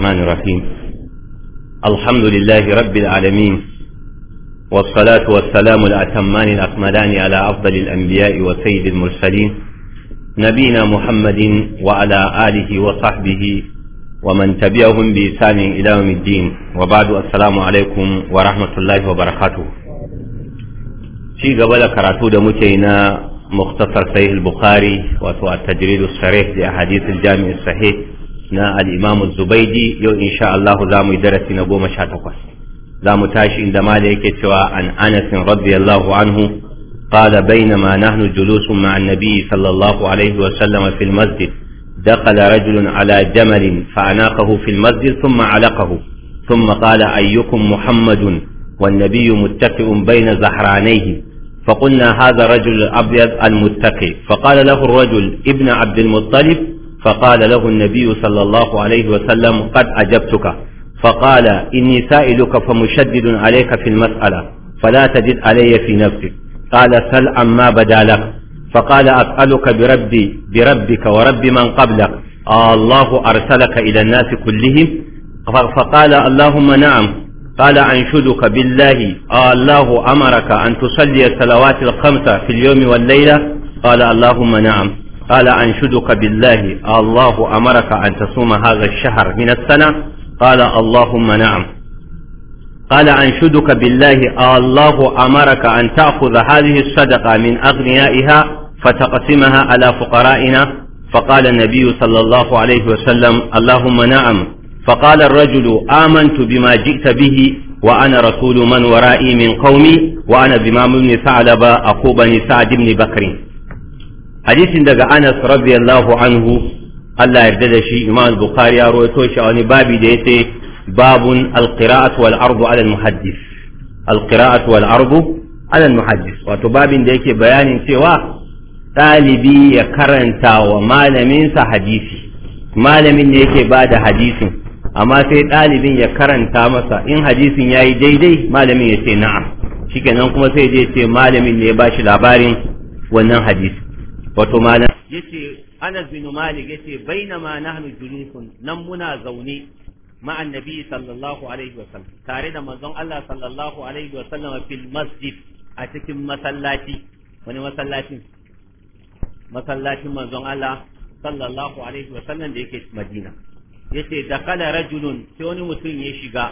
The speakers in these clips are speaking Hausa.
الرحمن الرحيم الحمد لله رب العالمين والصلاة والسلام الأتمان الأكملان على أفضل الأنبياء وسيد المرسلين نبينا محمد وعلى آله وصحبه ومن تبعهم بإحسان إلى يوم الدين وبعد السلام عليكم ورحمة الله وبركاته في قبل كراتو دمتينا مختصر صحيح البخاري وتو التجريد الصريح لأحاديث الجامع الصحيح na الإمام الزبيدي Zubaidi yau insha Allah za mu yi darasi na goma sha takwas za mu tashi inda mala yake cewa an radiyallahu anhu قال بينما نحن جلوس مع النبي صلى الله عليه وسلم في المسجد دخل رجل على جمل فأناقه في المسجد ثم علقه ثم قال أيكم محمد والنبي متكئ بين زحرانيه فقلنا هذا الرجل الأبيض المتقي فقال له الرجل ابن عبد المطلب فقال له النبي صلى الله عليه وسلم قد أجبتك فقال إني سائلك فمشدد عليك في المسألة فلا تجد علي في نفسك قال سل عما بدا لك فقال أسألك بربي بربك ورب من قبلك آه الله أرسلك إلى الناس كلهم فقال اللهم نعم قال أنشدك بالله آه الله أمرك أن تصلي الصلوات الخمسة في اليوم والليلة قال اللهم نعم قال أنشدك بالله الله أمرك أن تصوم هذا الشهر من السنة قال اللهم نعم قال أنشدك بالله الله أمرك أن تأخذ هذه الصدقة من أغنيائها فتقسمها على فقرائنا فقال النبي صلى الله عليه وسلم اللهم نعم فقال الرجل آمنت بما جئت به وأنا رسول من ورائي من قومي وأنا بما من ثعلب أخو بني سعد بن بكر hadisin daga Anas radiyallahu anhu Allah yarda da shi Imam Bukhari ya rawaito shi a wani babi da yace babun alqira'atu wal ardu ala muhaddis alqira'atu wal ardu ala muhaddis wato babin da yake bayanin cewa ɗalibi ya karanta wa malaminsa hadisi malamin ne yake ba da hadisin amma sai ɗalibin ya karanta masa in hadisin ya yi daidai malamin ya ce na'am shikenan kuma sai je ce malamin ne ya ba shi labarin wannan hadisi wato malam yace Anas bin Malik yace bainama nahnu julusun nan muna zaune ma annabi sallallahu alaihi wasallam tare da manzon Allah sallallahu alaihi wasallam fil masjid a cikin masallaci wani masallacin masallacin manzon Allah sallallahu alaihi wasallam da yake Madina yace dakala rajulun sai wani mutum ya shiga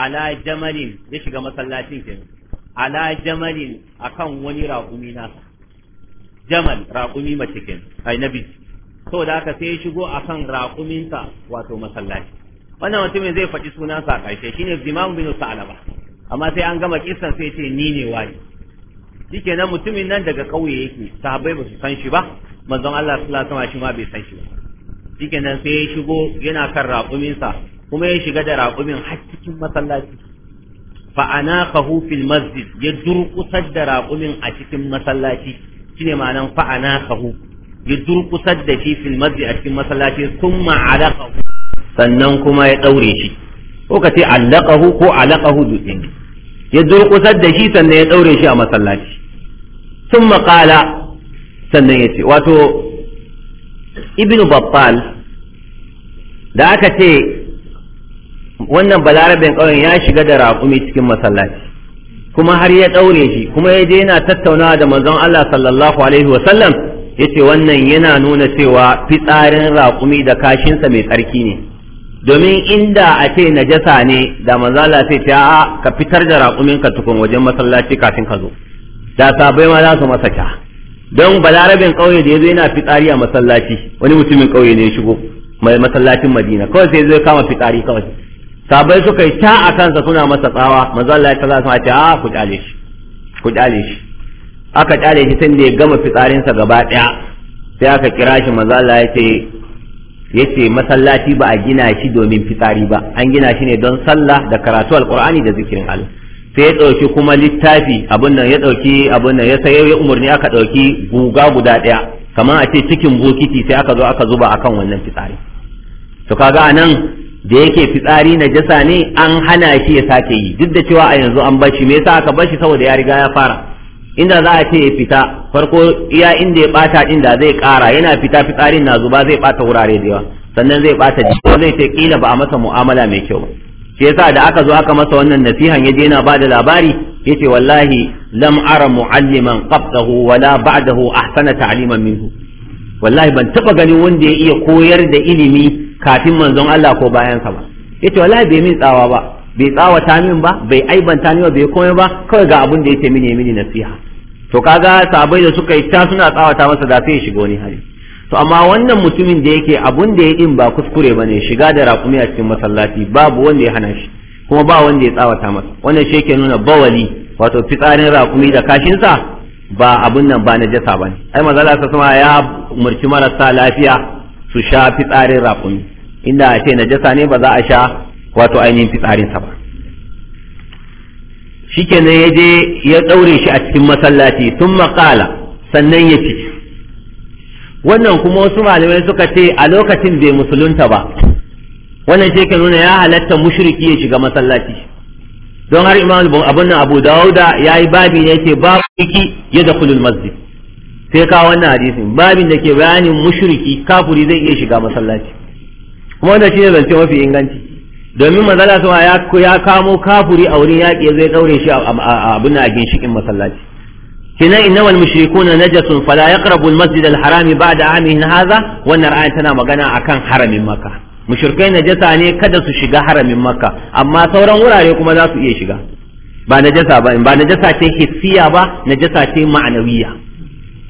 ala jamalin ya shiga masallacin kenan ala jamalin akan wani raƙumi nasa jamal raƙumi mace ken nabi to da aka sai ya shigo akan raƙuminsa wato masallaci wannan mutumin zai faɗi sunansa a ƙarshe shine Zimam bin Sa'laba amma sai an gama kissan sai ce ni ne wani shikenan mutumin nan daga ƙauye yake sahabbai ba su san shi ba manzon Allah sallallahu alaihi wasallam shi ma bai san shi ba shikenan sai ya shigo yana kan raƙuminsa kuma ya shiga da raƙumin har cikin masallaci fa anaqahu fil masjid ya durƙusar da raƙumin a cikin masallaci shine ma'anan fa'ana kahu ya durkusar da shi fil masjid a cikin masallaci summa kahu sannan kuma ya daure shi ko ka ce allaqahu ko alaqahu dutsen ya durkusar da shi sannan ya daure shi a masallaci sun maƙala sannan ya ce wato ibn battal da aka ce wannan balarabin ƙauyen ya shiga da raƙumi cikin masallaci kuma har ya daure shi kuma ya je yana tattaunawa da manzon Allah sallallahu alaihi wa sallam yace wannan yana nuna cewa fitsarin raƙumi da kashinsa mai tsarki ne domin inda a ce najasa ne da manzon Allah sai ta ka fitar da raƙumin ka tukun wajen masallaci kafin ka zo da sabai ma za su masa ta don balarabin ƙauye da ya yana fitsari a masallaci wani mutumin ƙauye ne ya shigo masallacin madina kawai sai zai kama fitsari kawai sabai suka yi ta a kansa suna masa tsawa manzo Allah ya kaza sun ce a ah, ku kyale shi ku kyale shi aka kyale shi sai da ya gama fitsarinsa gaba daya sai aka kira shi manzo Allah ya ce yace masallaci ba a gina shi domin fitsari ba an gina shi ne don sallah da karatu alqur'ani da zikirin Allah sai ya dauki kuma littafi abun nan ya dauki abun nan ya sayo ya umurni aka dauki guga guda ɗaya, kamar a ce cikin bokiti sai aka zo aka zuba akan wannan fitsari to kaga anan da yake fitsari na jasa ne an hana shi ya sake yi duk da cewa a yanzu an bashi me yasa aka bashi saboda ya riga ya fara inda za a ce ya fita farko iya inda ya bata din zai kara yana fita fitsarin na zuba zai bata wurare da yawa sannan zai bata jiki zai ce kila ba a masa mu'amala mai kyau shi yasa da aka zo aka masa wannan nasihan yaje yana bada labari yace wallahi lam ara mualliman qabdahu wala ba'dahu ahsana ta'liman minhu wallahi ban taba ganin wanda ya iya koyar da ilimi kafin manzon Allah ko bayan sa ba yace wallahi bai min tsawa ba bai tsawata min ba bai aibanta ni ba bai komai ba kawai ga abin da yake mini mini nasiha to kaga sabai da suka yi ta suna tsawata masa da sai ya shiga wani hali to amma wannan mutumin da yake abun da ya din ba kuskure bane shiga da raƙumi a cikin masallaci babu wanda ya hana shi kuma ba wanda ya tsawata masa wannan shi yake nuna bawali wato fitsarin raƙumi da kashinsa ba abun nan ba najasa bane ai manzo Allah ya umarci marasa lafiya su sha fitsarin raƙumi inda a ce najasa ne ba za a sha wato ainihin fitsarinsa ba shikenan ya je ya ɗaure shi a cikin masallaci tun makala sannan ya ci wannan kuma wasu malamai suka ce a lokacin bai musulunta ba wannan ce ke nuna ya halatta mushriki ya shiga masallaci don har imam abun nan abu dawuda ya yi babi ne yake babu ciki ya da kulul masjid sai ka wannan hadisin babin da ke bayanin mushriki kafuri zai iya shiga masallaci kuma wanda shine zance mafi inganci domin manzala sama ya kamo kafuri a wurin yaƙi zai ɗaure shi a abin a ginshiƙin masallaci kinan innawal mushrikuna najasun fala yaqrabu almasjid alharami ba'da amihim hadha wannan ayat tana magana akan haramin makka mushrikai najasa ne kada su shiga haramin makka amma sauran wurare kuma za su iya shiga ba najasa ba ba najasa ce hissiya ba najasa ce ma'anawiyya.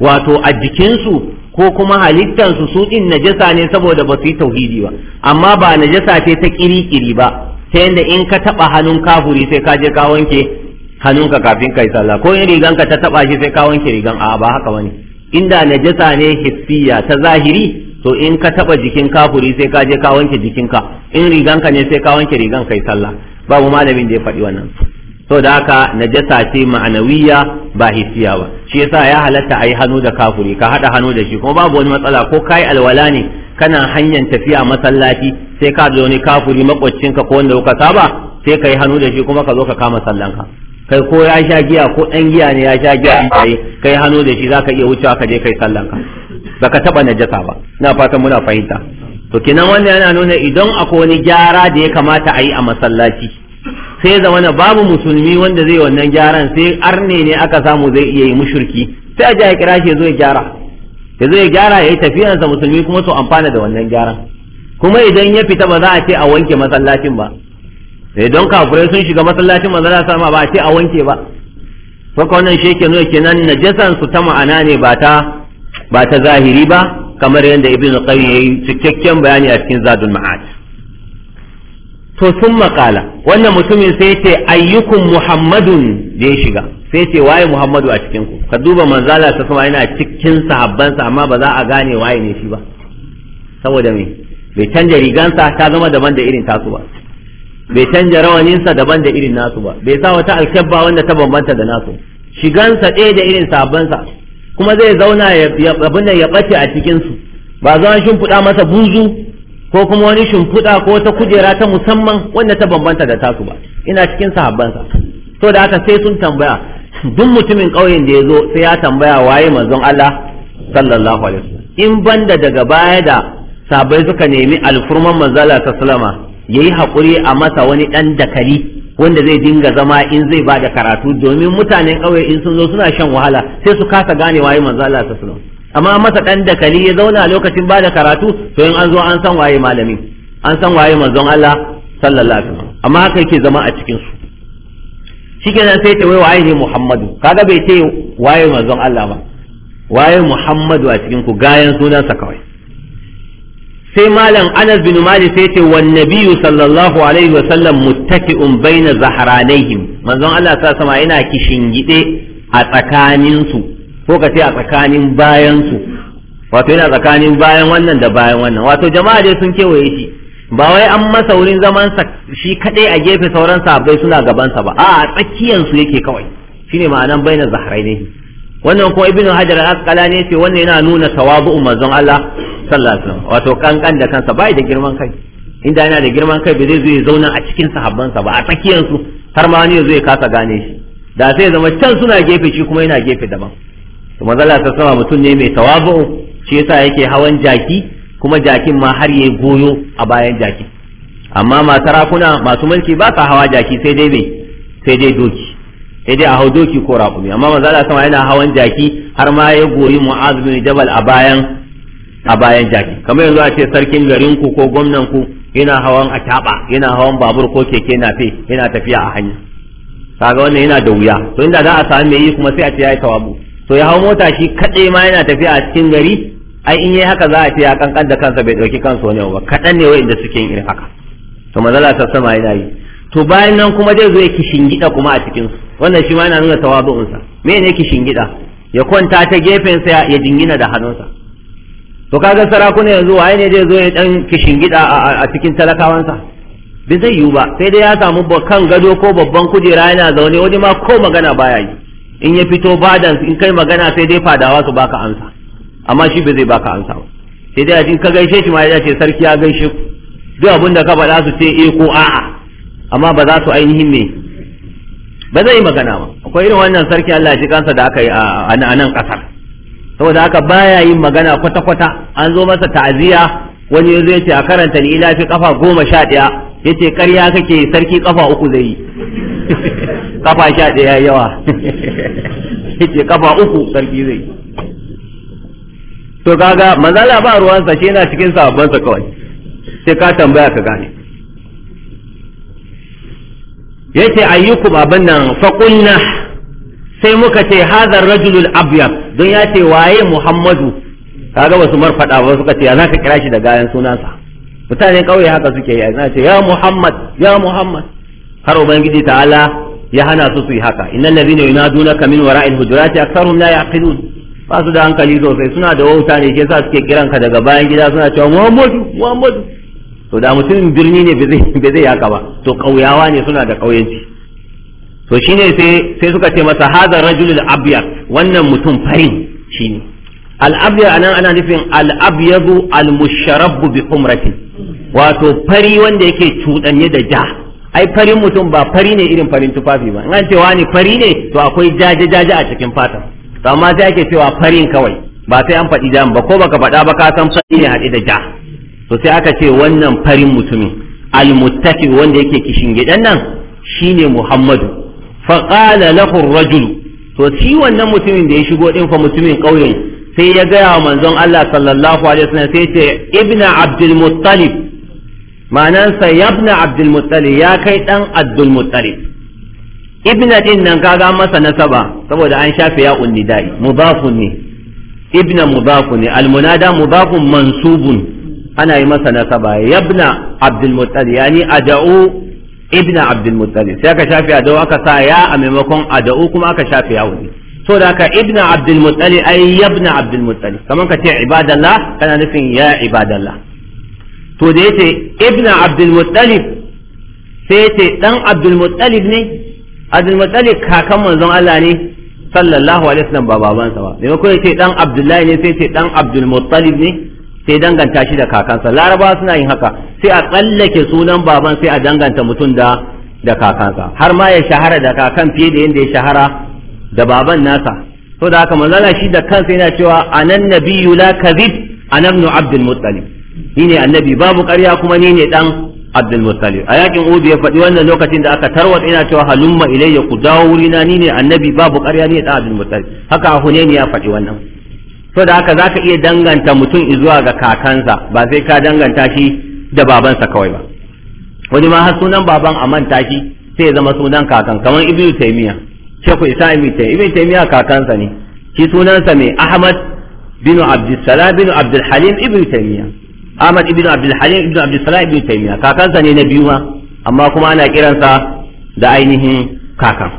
wato a jikinsu ko kuma halittansu su din najasa ne saboda ba su yi tauhidi ba amma ba najasa ce ta kiri-kiri ba ta yadda in ka taba hannun kafuri sai ka je ka wanke hannunka kafin kai sallah ko in riganka ta taba shi sai ka wanke rigan a ba haka bane inda najasa ne hissiya ta zahiri to in ka taba jikin kafuri sai ka je ka wanke jikinka in riganka ne sai ka wanke rigan kai sallah babu malamin da ya faɗi wannan so da haka najasa ce ma'anawiya ba hisiya ba shi yasa ya halatta yi hannu da kafuri ka haɗa hannu da shi kuma babu wani matsala ko kai alwala ne kana hanyar tafiya masallaci sai ka zo ne kafuri makwaccinka ko wanda kuka saba sai ka yi hannu da shi kuma ka zo ka kama sallanka kai ko ya sha giya ko ɗan giya ne ya sha giya kai kai hannu da shi zaka iya wucewa ka je kai sallanka baka taba najasa ba ina fatan muna fahimta to kenan wannan yana nuna idan akwai wani gyara da ya kamata a yi a masallaci sai zamana babu musulmi wanda zai wannan gyaran sai arne ne aka samu zai iya yi mushurki sai a ya kira shi zo ya gyara ya zo ya gyara ya yi tafiyansa musulmi kuma su amfana da wannan gyaran kuma idan ya fita ba za a ce a wanke masallacin ba sai eh, don kafirai sun shiga masallacin ba za a sama ba a ce a wanke ba saka wannan shi ke nuna kenan najasan su ta ma'ana ne ba ta ba ta zahiri ba kamar yadda ibnu qayyim yi cikakken bayani a cikin zadul ma'ad to sun maƙala wannan mutumin sai ce ayyukun muhammadun da ya shiga sai ce waye muhammadu a cikin ku ka duba manzala ta sama yana cikin sahabbansa amma ba za a gane waye ne shi ba saboda me bai canja rigansa ta zama daban da irin tasu ba bai canja rawaninsa daban da irin nasu ba bai sa wata alkyabba wanda ta bambanta da nasu shigansa ɗaya da irin sahabbansa kuma zai zauna abin ya ɓace a cikinsu ba zama shimfiɗa masa buzu ko kuma wani shimfiɗa ko wata kujera ta musamman wanda ta bambanta da tasu ba ina cikin sahabbansa to da aka sai sun tambaya duk mutumin ƙauyen da ya zo sai ya tambaya waye manzon Allah sallallahu alaihi wasallam in banda daga baya da sabai suka nemi alfurman manzala ta salama yayi haƙuri a masa wani dan dakali wanda zai dinga zama in zai ba karatu domin mutanen ƙauye in sun zo suna shan wahala sai su kasa gane waye manzala ta salama amma masa dan dakali ya zauna lokacin ba da karatu to in an zo an san waye malami an san waye manzon Allah sallallahu alaihi wasallam amma haka yake zama a cikin su shikenan sai ta wai waye ne Muhammadu kaga bai ce waye manzon Allah ba waye Muhammadu a cikin ku gayan sunansa kawai sai malam Anas bin Malik sai ce wan nabiyyu sallallahu alaihi wa sallam muttaki'un baina zahranaihim manzon Allah sa sama yana kishingide a tsakanin su ko ka ce a tsakanin bayansu wato yana tsakanin bayan wannan da bayan wannan wato jama'a dai sun kewaye shi ba wai an masa wurin zaman sa shi kadai a gefe sauran sahabbai suna gaban sa ba a tsakiyan su yake kawai shine ma'anan baina zahrai wannan ko ibnu hajar al-asqalani yace wannan yana nuna tawabu'u manzon Allah sallallahu alaihi wasallam wato kankan da kansa bai da girman kai inda yana da girman kai ba zai zo ya zauna a cikin sahabban sa ba a tsakiyan su har ma wani ya zo ya kasa gane shi da sai ya zama can suna gefe shi kuma yana gefe daban to manzala ta sama mutum ne mai tawabu shi yasa yake hawan jaki kuma jakin ma har yayi goyo a bayan jaki amma masu rakuna masu mulki ba sa hawa jaki sai dai bai sai dai doki sai dai a hau doki ko raƙumi amma manzala sama yana hawan jaki har ma ya goyi mu'azu bin jabal a bayan a bayan jaki kamar yanzu a ce sarkin garin ku ko gwamnan ku yana hawan ataba yana hawan babur ko keke nafe yana tafiya a hanya kaga wannan yana da wuya to inda za a sami yi kuma sai a ce yayi tawabu to ya hau mota shi kaɗai ma yana tafiya a cikin gari ai in yi haka za a ce ya kankan da kansa bai ɗauki kansa wani ba kaɗan ne wa'inda suke yin irin haka to manzala ta sama yana yi to bayan nan kuma zai zo ya gida kuma a cikin wannan shi ma yana nuna tawazu'unsa me ne gida? ya kwanta ta gefensa ya jingina da hannunsa to kaga sarakuna yanzu waye ne zai zo ya dan gida a cikin talakawansa bai zai yiwu ba sai dai ya samu kan gado ko babban kujera yana zaune wani ma ko magana baya yi in ya fito badan in kai magana sai dai fadawa su baka ansa amma shi bai zai baka ansa ba sai dai a cikin ka gaishe shi ma ya ce sarki ya gaishe ku duk abin da ka faɗa su ce eh ko a'a amma ba za su ainihin me ba zai yi magana ba akwai irin wannan sarki Allah shi kansa da aka yi a nan kasar saboda haka baya yin magana kwata kwata an zo masa ta'aziya wani zai ce a karanta ni ila fi kafa goma sha ɗaya yace ƙarya kake sarki kafa uku zai yi kafa sha ɗaya yawa ke kafa uku sarki zai to kaga mazala ba ruwansa shi yana cikin sabansa kawai sai ka tambaya ka gane yace ayyukum abin nan faƙunna sai muka ce hadar rajulul abyad don ya ce waye muhammadu kaga wasu marfada ba suka ce ya zaka kira shi da gayan sunansa mutane kauye haka suke yi na ce ya muhammad ya muhammad har ubangiji ta'ala ya hana su su yi haka innal ladina yunadunaka min wara'il hujurati aktharuhum la yaqilun ba su da hankali sosai suna da wauta ne ke sa suke ka daga bayan gida suna cewa Muhammadu Muhammadu to da mutumin birni ne bai zai haka ba to kauyawa ne suna da kauyanci to shine sai sai suka ce masa hadar rajulul abyad wannan mutum farin shine al abyad anan ana nufin al abyadu al musharrab bi humratin wato fari wanda yake cudanye da ja ai farin mutum ba fari ne irin farin tufafi ba in an ce ne fari ne to akwai jaje jaje a cikin fata, to amma sai ake cewa farin kawai ba sai an faɗi jam ba ko baka faɗa ba ka san fari ne haɗe da ja to sai aka ce wannan farin mutumin almuttafi wanda yake kishin gidan nan shine muhammadu qala lahu ar-rajul to shi wannan mutumin da ya shigo din fa mutumin kauyen sai ya gaya wa manzon Allah sallallahu alaihi wasallam sai ya ce ibnu abdul muttalib ma'anansa yabna abdulmuttalib ya kai dan abdulmuttalib ibna din nan kaga masa nasaba saboda an shafe ya unnidai mudafun ne ibna mudafun ne almunada mudafun mansubun ana yi masa nasaba yabna abdulmuttalib yani ada'u ibna abdulmuttalib sai aka shafe ada'u aka sa ya a maimakon ada'u kuma aka shafe ya unni so da ka ibna abdulmuttalib ai yabna abdulmuttalib kaman ka ce ibadallah kana nufin ya ibadallah to da yace Ibn abdul muttalib sai yace dan abdul muttalib ne abdul muttalib kakan manzon Allah ne sallallahu alaihi wasallam ba babansa ba maimakon yace dan abdullahi ne sai yace dan abdul muttalib ne sai danganta shi da kakansa larabawa suna yin haka sai a tsallake sunan baban sai a danganta mutum da da kakansa har ma ya shahara da kakan fiye da yadda ya shahara da baban nasa to da manzon Allah shi da kansa yana cewa anan nabiyyu la kadhib anan ibn abdul muttalib ni ne annabi babu ƙarya kuma ni ne dan Abdul Muttalib a yakin ubi ya faɗi wannan lokacin da aka tarwata ina cewa halumma ilayya ku dawo wurina ni ne annabi babu ƙarya ni dan Abdul Muttalib haka a ne ya faɗi wannan to da haka zaka iya danganta mutum zuwa ga kakansa ba sai ka danganta shi da babansa kawai ba wani ma har sunan baban a manta shi sai ya zama sunan kakan kamar Ibn Taymiyyah Sheikh Isa ibnu taymiya ibnu taymiya kakansa ne shi sunansa mai Ahmad bin Abdulsalam bin Abdulhalim ibnu taymiya Ahmad ibn Abdul Halim ibn Abdul Salam ibn Taymiyyah kakansa ne na biyu ma amma kuma ana kiransa da ainihin kakan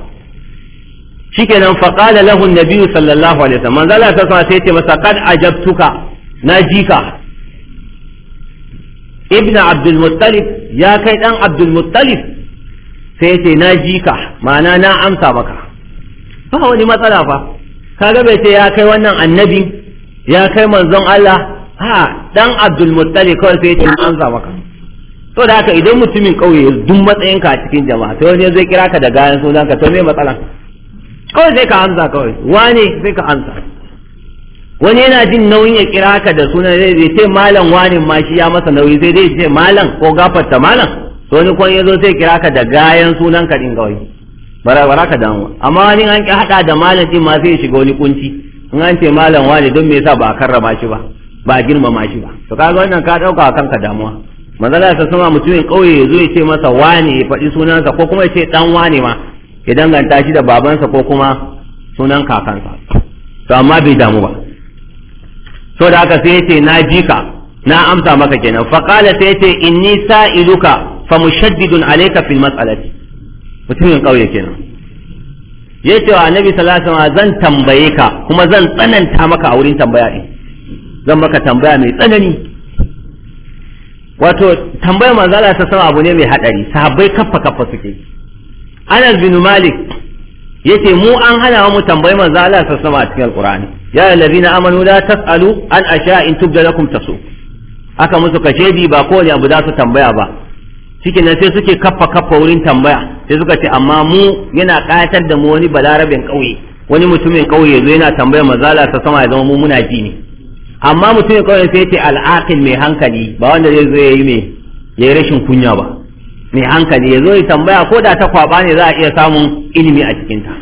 shikenan fa qala lahu an-nabi sallallahu alaihi wasallam manzo Allah ta sa sai ce masa kad ajabtuka na jika ibn Abdul Muttalib ya kai dan Abdul Muttalib sai ce na jika ma'ana na amsa maka ba wani matsala fa kaga bai ce ya kai wannan annabi ya kai manzon Allah ha dan abdul muttali kawai sai ce an za maka to da haka idan mutumin kauye ya dun matsayin ka a cikin jama'a to wani zai kira ka da gayan sunan ka to me matsala kawai sai ka amsa kawai wane sai ka amsa wani yana jin nauyin ya kira ka da sunan zai zai ce malam wani ma shi ya masa nauyi sai zai ce malam ko gafarta malam to wani kon ya zo sai kira ka da gayan sunan ka din gawai bara bara ka damu amma wani an ki hada da malam din ma sai ya shiga wani kunci in an ce malam wani don me yasa ba a karrama shi ba ba girmama shi ba to kaga wannan ka dauka kanka damuwa manzala ta sama mutumin kauye ya zo ya ce masa wane ya faɗi sunansa ko kuma ya ce dan wane ma ya danganta shi da babansa ko kuma sunan kakansa to amma bai damu ba so da haka sai ya ce na ji ka na amsa maka kenan fa qala sai ya ce inni sa'iluka fa mushaddidun alayka fil mas'alati mutumin kauye kenan ya ce wa annabi sallallahu alaihi wasallam zan tambaye ka kuma zan tsananta maka a wurin tambaya din zan maka tambaya mai tsanani wato tambayar manzala ta sama abu ne mai haɗari sahabbai kaffa kaffa suke anas bin malik yace mu an hana mu tambayi manzala ta sama a cikin alqur'ani ya allazina amanu la tasalu an asha in tubda lakum tasu aka musu kashedi ba ko kowane abu za su tambaya ba cikin nan sai suke kaffa kaffa wurin tambaya sai suka ce amma mu yana kayatar da mu wani balarabin ƙauye wani mutumin ƙauye zo yana tambayar manzala ta sama ya zama mu muna ji ne amma mutum ya kawai sai ce al'aqil mai hankali ba wanda zai zo yi me yi rashin kunya ba mai hankali ya zo ya tambaya ko da ta kwaba ne za a iya samun ilimi a cikinta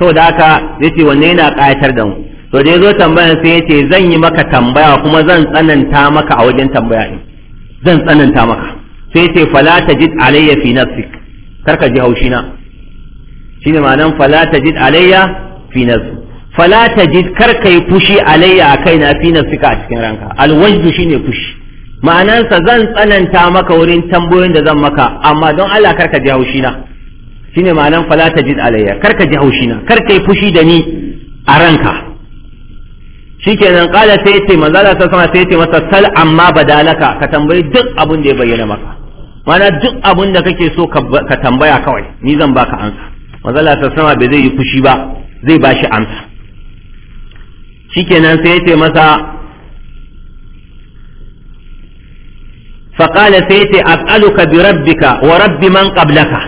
sau da haka ce wanne yana kayatar da mu to da zo tambaya sai ce zan yi maka tambaya kuma zan tsananta maka a wajen tambaya din zan tsananta maka sai ce fala jid alayya fi nafsik karka ji haushina shine ma'anan fala jid alayya fi nafsik fala tajid kar kai fushi alayya akai na fi nafsika a cikin ranka alwajdu shine fushi ma'anansa zan tsananta maka wurin tambayoyin da zan maka amma don Allah kar ka ji haushi na shine ma'anan fala tajid alayya kar ka ji haushi na kar kai fushi da ni a ranka shikenan qala sai yace manzo Allah sallallahu alaihi sai yace masa sal amma badalaka ka tambayi duk abun da ya bayyana maka mana duk abun da kake so ka tambaya kawai ni zan baka amsa manzo Allah sallallahu alaihi bai zai yi fushi ba zai bashi amsa shikenan sai yace masa faqala sai yace as'aluka bi rabbika wa rabbi man qablaka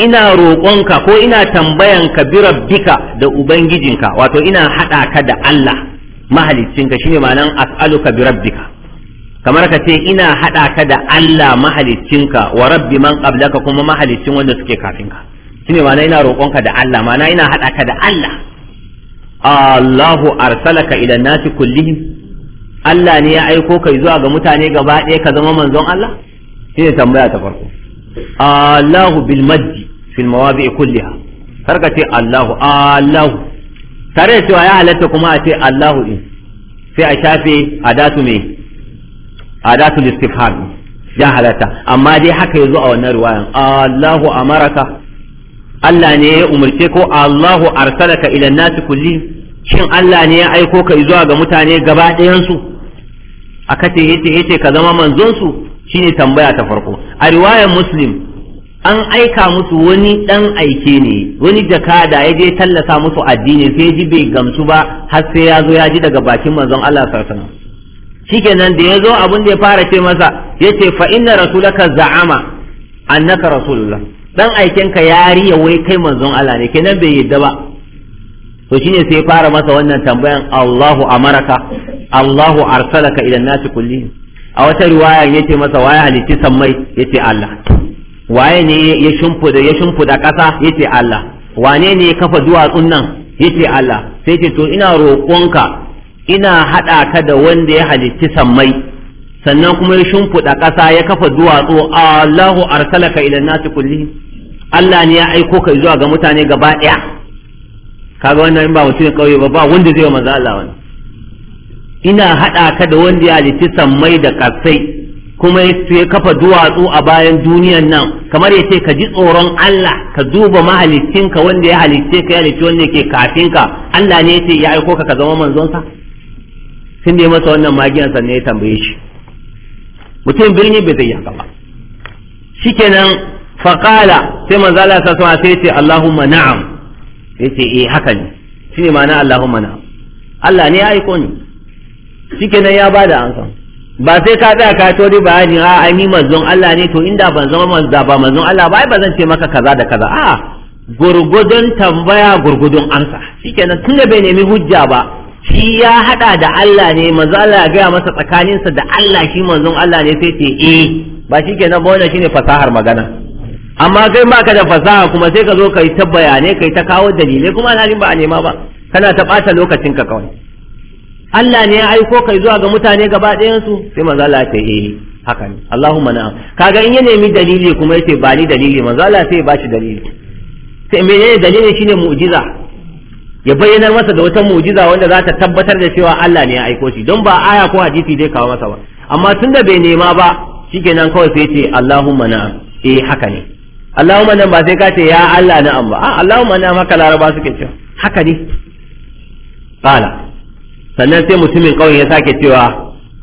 ina roƙonka ko ina tambayanka bi rabbika da ubangijinka wato ina haɗa ka da Allah mahaliccinka shine ma'anan as'aluka bi rabbika kamar ka ce ina haɗa ka da Allah mahaliccinka wa rabbi man qablaka kuma mahaliccin wanda suke kafin ka shine ma'ana ina roƙonka da Allah ma'ana ina haɗa ka da Allah Allahu arsalaka ila nasi kullihim Allah ne ya aiko kai zuwa ga mutane gaba ɗaya ka zama manzon Allah shi ne tambaya ta farko Allahu bil majdi fil mawadi kulliha sarka ce Allahu Allahu tare da cewa ya halatta kuma a ce Allahu din sai a shafe adatu me adatu istifham ya halatta amma dai haka yazo a wannan riwayan Allahu amaraka Allah ne ya umarce ko Allahu arsalaka ila nasi kulli shin Allah ne ya aiko ka zuwa ga mutane gaba ɗayan su aka ce yace yace ka zama manzon su shine tambaya ta farko a riwayar muslim an aika musu wani dan aike ne wani jaka da ya je tallasa musu addini sai ji bai gamsu ba har sai ya zo ya ji daga bakin manzon Allah sallallahu alaihi shikenan da ya zo abin da ya fara ce masa yace fa inna rasulaka za'ama annaka rasulullah dan aiken ka riya wai kai manzon Allah ne kenan bai yadda ba to shine sai fara masa wannan tambayan Allahu amaraka Allahu arsalaka ila nasi kulli a wata riwaya yace masa waye halitti sammai yace Allah waye ne ya shimfida ya shimfida kasa yace Allah wane ne ya kafa duwatsun nan yace Allah sai ce to ina roƙonka ina hada ka da wanda ya halitti sammai sannan kuma ya shimfiɗa ƙasa ya kafa duwatsu Allahu arsalaka ila nasi kulli Allah ne ya aiko ka zuwa ga mutane gaba ɗaya kaga wannan in ba mutum kauye ba ba wanda zai wa manzo Allah wani ina haɗa ka da wanda ya halitti sammai da ƙasai kuma ya kafa duwatsu a bayan duniyan nan kamar ya ce ka ji tsoron Allah ka duba ka wanda ya halicce ka ya halicci wanda ke kafin ka Allah ne ya ce ya aiko ka ka zama manzonsa sun da masa wannan magiyan ne ya tambaye shi mutum birni bai zai yi haka ba kenan faƙala sai manzo Allah sa sama sai ce Allahumma na'am sai ce eh haka ne ne ma'ana Allahumma na'am Allah ne ya aiko ni kenan ya bada amsa ba sai ka tsaya ka tori bayani a ah, ai ni manzon Allah ne to inda ban zama manzo ba manzon Allah ba ai ba zan ce maka kaza da kaza a gurgudun tambaya gurgudun amsa shikenan tunda bai nemi hujja ba shi ya hada da Allah ne manzo Allah ya gaya masa tsakaninsa da Allah shi manzon Allah ne sai ce eh ba shi ke nan ba wannan shine fasahar magana amma kai ba ka da fasaha kuma sai ka zo ka yi ta bayanai ka yi ta kawo dalilai kuma alhalin ba a nema ba kana ta ɓata lokacin ka kawai Allah ne ya aiko kai zuwa ga mutane gaba ɗayansu sai manzo Allah ya ce eh haka ne Allahumma na'am kaga in ya nemi dalili kuma yace ba ni dalili manzo Allah sai ya bashi dalili sai menene dalili shine mu'jiza ya bayyanar masa da wata mu'jiza wanda za ta tabbatar da cewa Allah ne ya aiko shi don ba aya ko hadisi zai kawo masa ba amma tun da bai nema ba shikenan kawai sai ce Allahumma na. eh haka ne Allahumma nan ba sai ka ce ya Allah na'am ba a Allahumma na haka laraba suke cewa haka ne qala sannan sai mutumin kawai ya sake cewa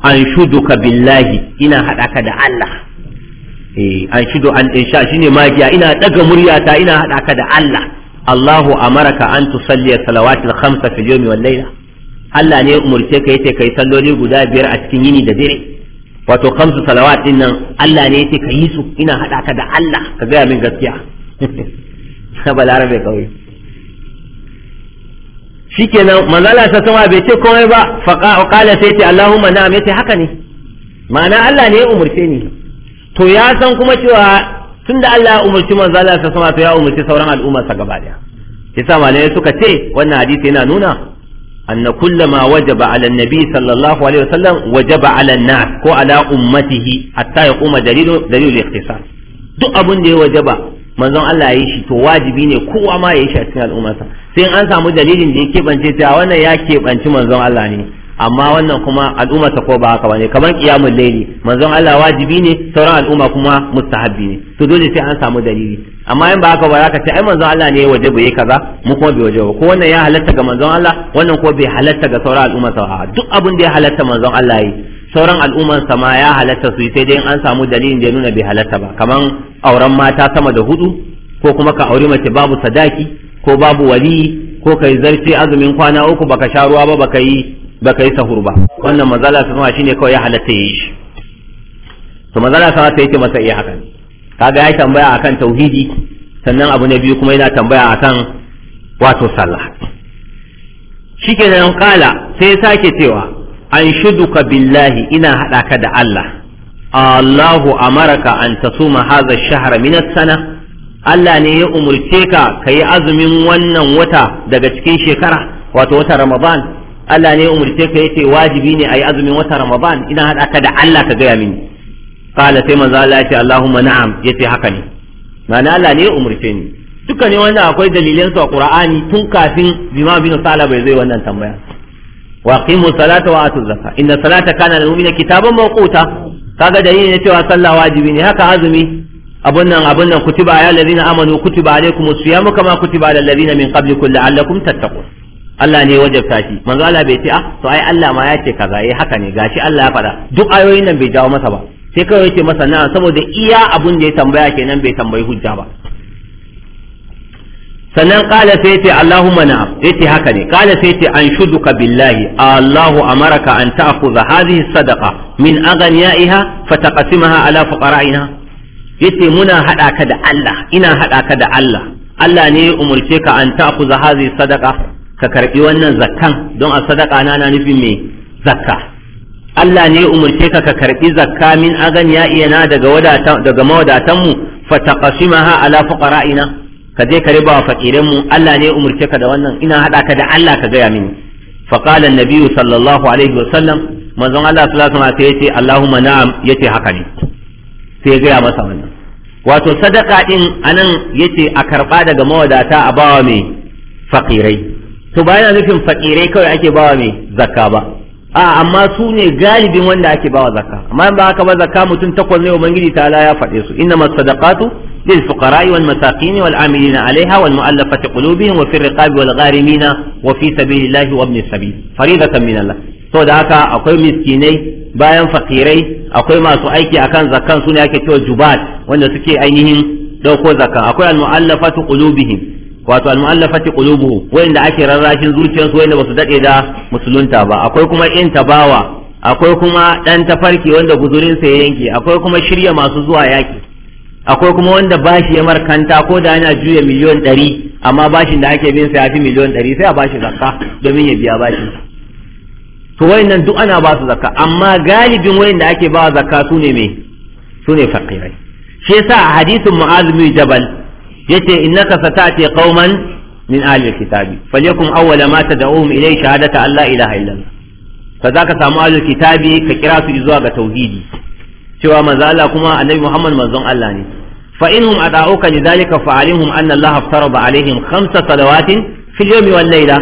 an shuduka billahi ina hada ka da Allah eh an shudu an insha shine magiya ina daga muryata ina hada ka da Allah Allahu amaraka an tusalli salawatil khamsa fil yawmi wal layla Allah ne umurce ka yace kai salloli guda biyar a cikin yini da dare wato khamsu salawat din Allah ne yace ka yi su ina hada da Allah ka gaya min gaskiya na balarabe kawai shikenan manzala ta sama bai ce komai ba faqa qala sai ce Allahumma na'am yace haka ne ma'ana Allah ne ya umurce ni to ya san kuma cewa Tun da Allah ya umarci manzo Allah a sama to ya umarci sauran al'umma sa gaba daya yasa malamai suka ce wannan hadisi yana nuna anna kullama wajaba ala nabi sallallahu alaihi wasallam wajaba ala nas ko ala ummatihi hatta yaquma dalilu dalilul ikhtisar duk abun da ya wajaba manzon Allah ya yi shi to wajibi ne kowa ma ya yi shi a cikin al'ummarsa sai an samu dalilin da ya keɓance ta wannan ya keɓanci manzon Allah ne amma wannan kuma al'umma ta ko ba haka bane kamar qiyamul laili manzon Allah wajibi ne sauran al'umma kuma mustahabbi ne to dole sai an samu dalili amma in ba haka ba zaka ce ai manzon Allah ne waje bai kaza mu kuma bai waje ba ko wannan ya halatta ga manzon Allah wannan ko bai halatta ga sauran al'umma sa duk abin da ya halatta manzon Allah yi sauran al'umman sa ma ya halatta su sai dai an samu dalilin da ya nuna bai halatta ba kaman auren mata sama da hudu ko kuma ka aure mace babu sadaki ko babu wali ko kai zarce azumin kwana uku baka sha ruwa ba baka yi ba ka yi sahur ba wannan mazala ta zama shine kawai ya halatta eh, ya yi shi to mazala ta ta yake masa iya hakan kaga ya tambaya akan tauhidi sannan abu na biyu kuma yana tambaya akan wato sallah shikenan kala sai sake cewa an shuduka billahi ina hada ka da Allah Allahu amaraka an tasuma hadha ash-shahra min as-sana Allah ne ya umurce ka kayi azumin wannan wata daga cikin shekara wato wata Ramadan Allah ne ya umarce ka yace wajibi ne ayi azumin wata Ramadan idan hada ka da Allah ka gaya mini kala sai manzo Allah yace Allahumma na'am yace haka ne ma'ana Allah ne ya umarce ni duka ne wannan akwai dalilan su a Qur'ani tun kafin Imam bin Sala bai zai wannan tambaya wa qimu salata wa atu zakka inna salata kana lil mu'mina kitaban mawquta kaga dalilin ne cewa sallah wajibi ne haka azumi abun nan abun nan kutiba ya ladina amanu kutiba alaikumus siyamu kama kutiba alal ladina min qablikum la'allakum tattaqun Allah ne wajabta shi manzo Allah bai ce ah to ai Allah ma ya ce kaza yi eh, haka ne gashi Allah ya faɗa duk ayoyin nan bai jawo masa ba sai kawai yake masa na saboda iya abun da ya tambaya kenan bai tambayi hujja ba sannan kala sai ce Allahumma na yace haka ne kala sai ce anshuduka billahi Allahu amaraka an ta'khudha hadhihi sadaqa min aghniyaha fataqsimaha ala fuqara'ina yace muna hada ka da Allah ina hada ka da Allah Allah ne ya umurce ka an ta'khudha hadhihi sadaqa ka karɓi wannan zakkan don a sadaka na na nufin mai zakka Allah ne ya umarce ka ka karbi zakka min agan ya iya na daga wadata daga mawadatan mu fataqasimaha ala fuqara'ina ka je ka riba wa fakirin mu Allah ne ya umarce ka da wannan ina hada ka da Allah ka gaya mini فقال النبي sallallahu alaihi wa sallam. من زمان الله صلى الله عليه وسلم يتي اللهم نعم يتي حقني sai ya gaya masa wannan wato sadaka din anan yace a karba daga mawadata a bawa mai fakirai to ba yana nufin fakirai kawai ake bawa mai zakka ba a amma su ne galibin wanda ake bawa zakka amma ba haka ba zakka mutum takwas ne ubangiji ta ya faɗe su inna masadaqatu lil fuqara'i wal masakin wal amilina 'alayha wal mu'allafati qulubihim wa fi riqabi wal gharimina wa fi sabilillahi wa ibnis sabil faridatan min Allah to da haka akwai miskinai bayan fakirai akwai masu aiki akan zakkan su ne ake cewa jubat wanda suke ainihin dauko zakka akwai al mu'allafatu qulubihim wato al-mu'allafati qulubuhu wanda ake rarrashin zuciyarsu wanda basu dade da musulunta ba akwai kuma in tabawa akwai kuma dan tafarki wanda guzurin sa yanke akwai kuma shirya masu zuwa yaki akwai kuma wanda bashi ya markanta ko da yana juya miliyon ɗari amma bashin da ake bin sa ya fi miliyon ɗari sai a bashi zakka domin ya biya bashin to wayannan duk ana ba su zakka amma galibin wayanda ake ba zakka su ne me su ne fakirai shi yasa a hadisin mu'az jabal yace innaka satati qauman min ahli alkitabi falyakum awwala ma tad'uhum ilay shahadata alla ilaha illallah fa zaka samu ahli alkitabi ka kira su zuwa ga tauhidi cewa manzo Allah kuma annabi Muhammad manzon Allah ne fa inhum ada'uka lidhalika fa alimhum anna Allah aftarada alaihim khamsa salawatin fil yawmi wal layla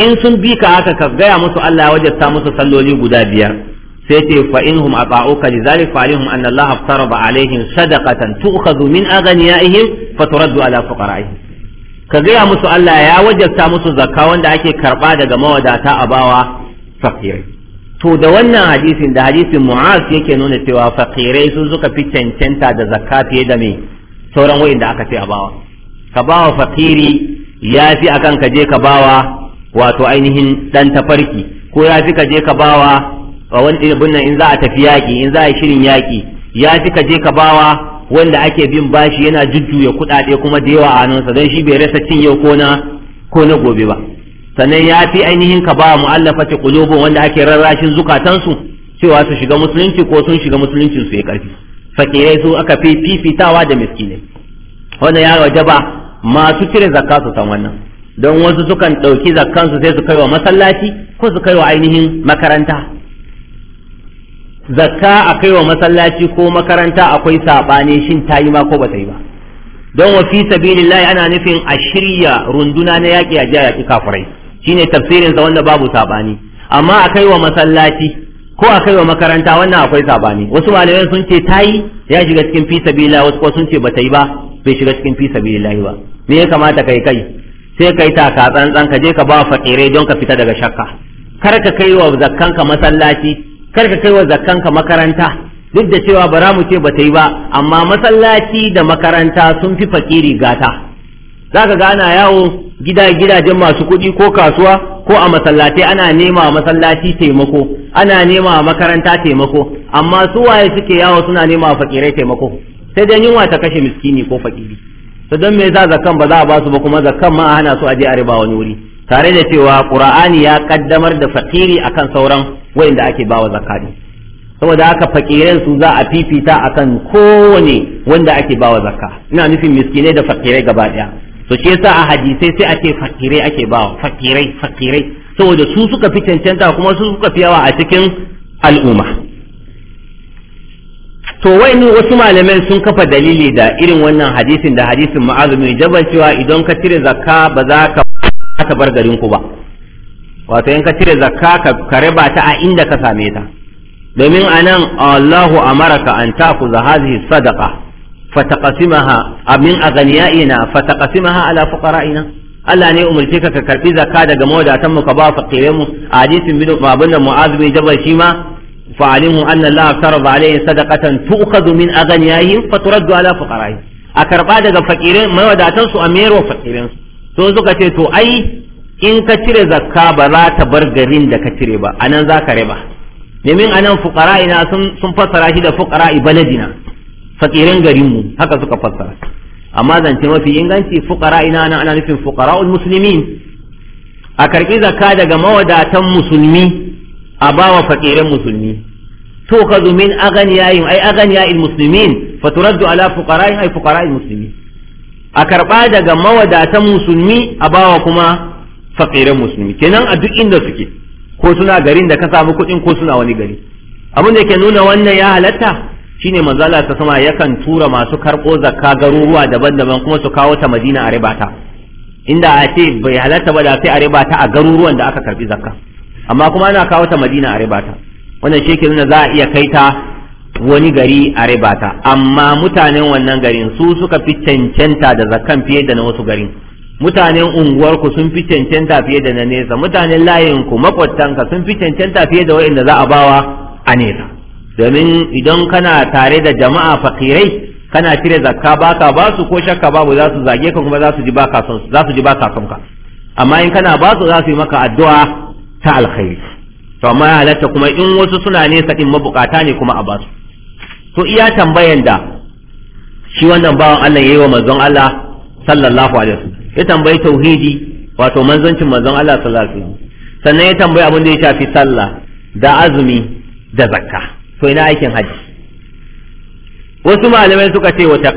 in sun bi ka haka ka gaya musu Allah ya wajabta musu salloli guda biyar sai ce fa inhum ata'uka lidhalika fa alimhum anna Allah aftarada alaihim sadaqatan tu'khadhu min aghniyaihim faturaddu ala fuqara'ihi ka gaya musu Allah ya wajabta musu zakka wanda ake karba daga mawadata a bawa fakirai to da wannan hadisin da hadisin mu'az yake nuna cewa fakirai sun suka fi cancanta da zakka fiye da me sauran wayin da aka ce a ka bawa fakiri ya fi akan ka je ka bawa wato ainihin dan tafarki ko ya fi ka je ka bawa wani nan in za a tafi yaƙi in za a shirin yaƙi ya fi ka je ka bawa wanda ake bin bashi yana jujjuya kuɗaɗe kuma da yawa a sa don shi bai rasa cin yau ko na ko na gobe ba sannan ya fi ainihin ka ba mu'allafati qulubun wanda ake rarrashin zukatansu cewa su shiga musulunci ko sun shiga musuluncin su ya karfi fakirai su aka fi fifitawa da miskinai wannan ya wajaba masu cire zakka su san wannan don wasu sukan ɗauki zakkansu sai su kai wa masallaci ko su kai wa ainihin makaranta zakka a kai wa masallaci ko makaranta akwai saɓane shin ta yi ma ko ba ta yi ba don wa fi sabilillahi ana nufin a shirya runduna na yaƙi a jiya yaƙi kafirai shine tafsirin sa wanda babu saɓani amma a kai wa masallaci ko a kai wa makaranta wannan akwai saɓani wasu malamai sun ce ta yi ya shiga cikin fi sabilillahi wasu sun ce ba ta yi ba bai shiga cikin fi sabilillahi ba me ya kamata kai kai sai kai taka tsantsan ka je ka ba fakirai don ka fita daga shakka kar ka kai wa zakkanka masallaci kar ka kai wa ka makaranta duk da cewa bara mu ce ba ta yi ba amma masallaci da makaranta sun fi fakiri gata za ka gana yawo gida gidajen masu kuɗi ko kasuwa ko a masallatai ana nema masallaci taimako ana nema makaranta taimako amma su waye suke yawo suna nema fakirai taimako sai dai yunwa ta kashe miskini ko fakiri to don me za zakan ba za a basu ba kuma zakan ma a hana su aje a riba wani wuri tare da cewa qur'ani ya kaddamar da fakiri akan sauran wayanda ake bawa zakari saboda haka fakirai su za a fifita akan kowane wanda ake bawa zakka ina nufin miskinai da fakirai gaba daya to shi yasa a hadisai sai ake fakirai ake bawa fakirai fakirai saboda su suka fi cancanta kuma su suka fi yawa a cikin al'umma to wai wasu malamai sun kafa dalili da irin wannan hadisin da hadisin ma'azumi jabal cewa idan ka cire zakka ba za ka bar garin ku ba wato in ka cire zakka ka kare ba ta a inda ka same ta domin anan Allahu amaraka an takuza hadhihi sadaqa fataqasimaha amin aghniyaina fataqasimaha ala fuqara'ina Allah ne umarce ka ka karbi zakka daga mawadatan mu ka ba fakirin mu hadisin bin babun mu'az bin jabal shi ma fa'alimu anna Allah farada alayhi sadaqatan tu'khadhu min aghniyahim fa turaddu ala fuqara'ihim a karba daga fakirin mawadatan su a mero fakirin so suka ce to ai in ka cire zakka ba za ta bar garin da ka cire ba a nan za ka riba domin anan fukara ina sun fassara shi da fuqara baladina fakirin garinmu haka suka fassara amma zance mafi inganci fukara ina nan ana nufin fuqara'ul musulmi a karɓi zakka daga mawadatan musulmi a bawa fakirin musulmi to ka zumin aganiyayin ai aganiyayin muslimin faturaddu ala fuqara'in ai fuqara'il muslimin a karɓa daga mawadatan musulmi a bawa kuma fakiran musulmi kenan a duk inda suke ko suna garin da ka samu kuɗin ko suna wani gari abin da ke nuna wannan ya halatta shine manzo Allah ta sama yakan tura masu karɓo zakka garuruwa daban-daban kuma su kawo ta Madina a ribata inda a ce bai halatta ba da sai a ribata a garuruwan da aka karbi zakka amma kuma ana kawo ta Madina a ribata wannan shi ke nuna za a iya kai ta wani gari a ribata amma mutanen wannan garin su suka fi cancanta da zakkan fiye da na wasu garin mutanen unguwarku sun fi cancanta fiye da na nesa mutanen layinku makwattanka sun fi cancanta fiye da waɗanda za a bawa a nesa domin idan kana tare da jama'a fakirai kana cire zakka baka ba su ko shakka babu za su zage ka kuma za su ji ba kasan ka amma in kana ba su za su yi maka addu'a ta alkhairi to amma halatta kuma in wasu suna nesa in mabukata ne kuma a ba su to iya tambayan da shi wannan bawan Allah yayi wa manzon Allah sallallahu alaihi wasallam ya tambayi tauhidi wato manzancin manzon Allah sallallahu alaihi wasallam sannan ya tambayi abin da ya shafi sallah da azumi da zakka to ina aikin haji wasu malamai suka ce wata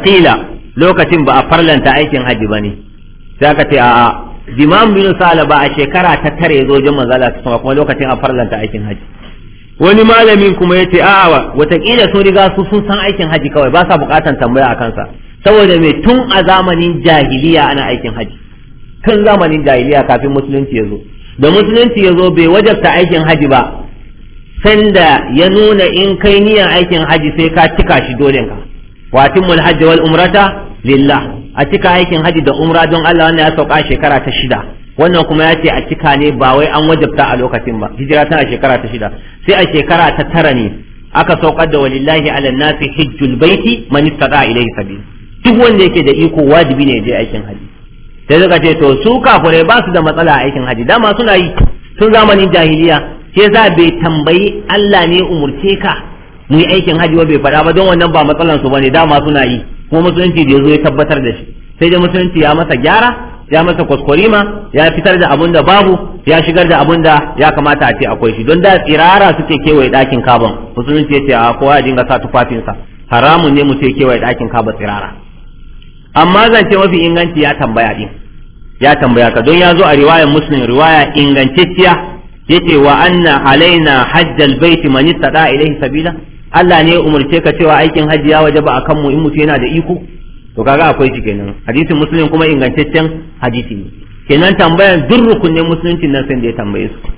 lokacin ba a farlanta aikin haji bane sai aka ce a'a Imam bin ba a shekara ta tare zo jin manzon Allah sallallahu kuma lokacin a farlanta aikin haji wani malamin kuma ce a'a watakila sun riga su sun san aikin haji kawai ba sa bukatan tambaya akan sa saboda mai tun a zamanin jahiliya ana aikin haji tun zamanin jahiliya kafin musulunci ya zo da musulunci ya zo bai wajabta aikin haji ba sanda ya nuna in kai niyan aikin haji sai ka cika shi dole ka watin mul hajji wal umrata lillah a cika aikin haji da umra don Allah wannan ya sauka shekara ta shida wannan kuma ya ce a cika ne ba wai an wajabta a lokacin ba hijira tana shekara ta shida sai a shekara ta tara ne aka saukar da walillahi ala nasi hijjul baiti man istata ilayhi sabil duk wanda yake da iko wajibi ne ya je aikin haji sai suka ce to su kafure ba su da matsala a aikin haji dama suna yi tun zamanin jahiliya sai za bai tambayi Allah ne umurce ka mu yi aikin haji ba bai faɗa ba don wannan ba matsalan su bane dama suna yi kuma musulunci da yazo ya tabbatar da shi sai da musulunci ya masa gyara ya masa kwaskwarima ya fitar da abun da babu ya shigar da abun da ya kamata a ce akwai shi don da tsirara suke kewaye ɗakin kaban musulunci ya ce a kowa ya dinga sa tufafinsa haramun ne mu ce kewaye dakin kaba tsirara amma zance mafi inganci ya tambaya din ya tambaya ka don ya zo a riwayar muslim riwaya ingantacciya yace wa anna alaina hajjal baiti man istada ilaihi sabila Allah ne umarce ka cewa aikin hajji ya wajaba akan mu in mutum yana da iko to kaga akwai shi kenan hadisin muslim kuma ingantaccen hadisi ne kenan tambayan duk rukunin musulunci nan sai da ya tambaye su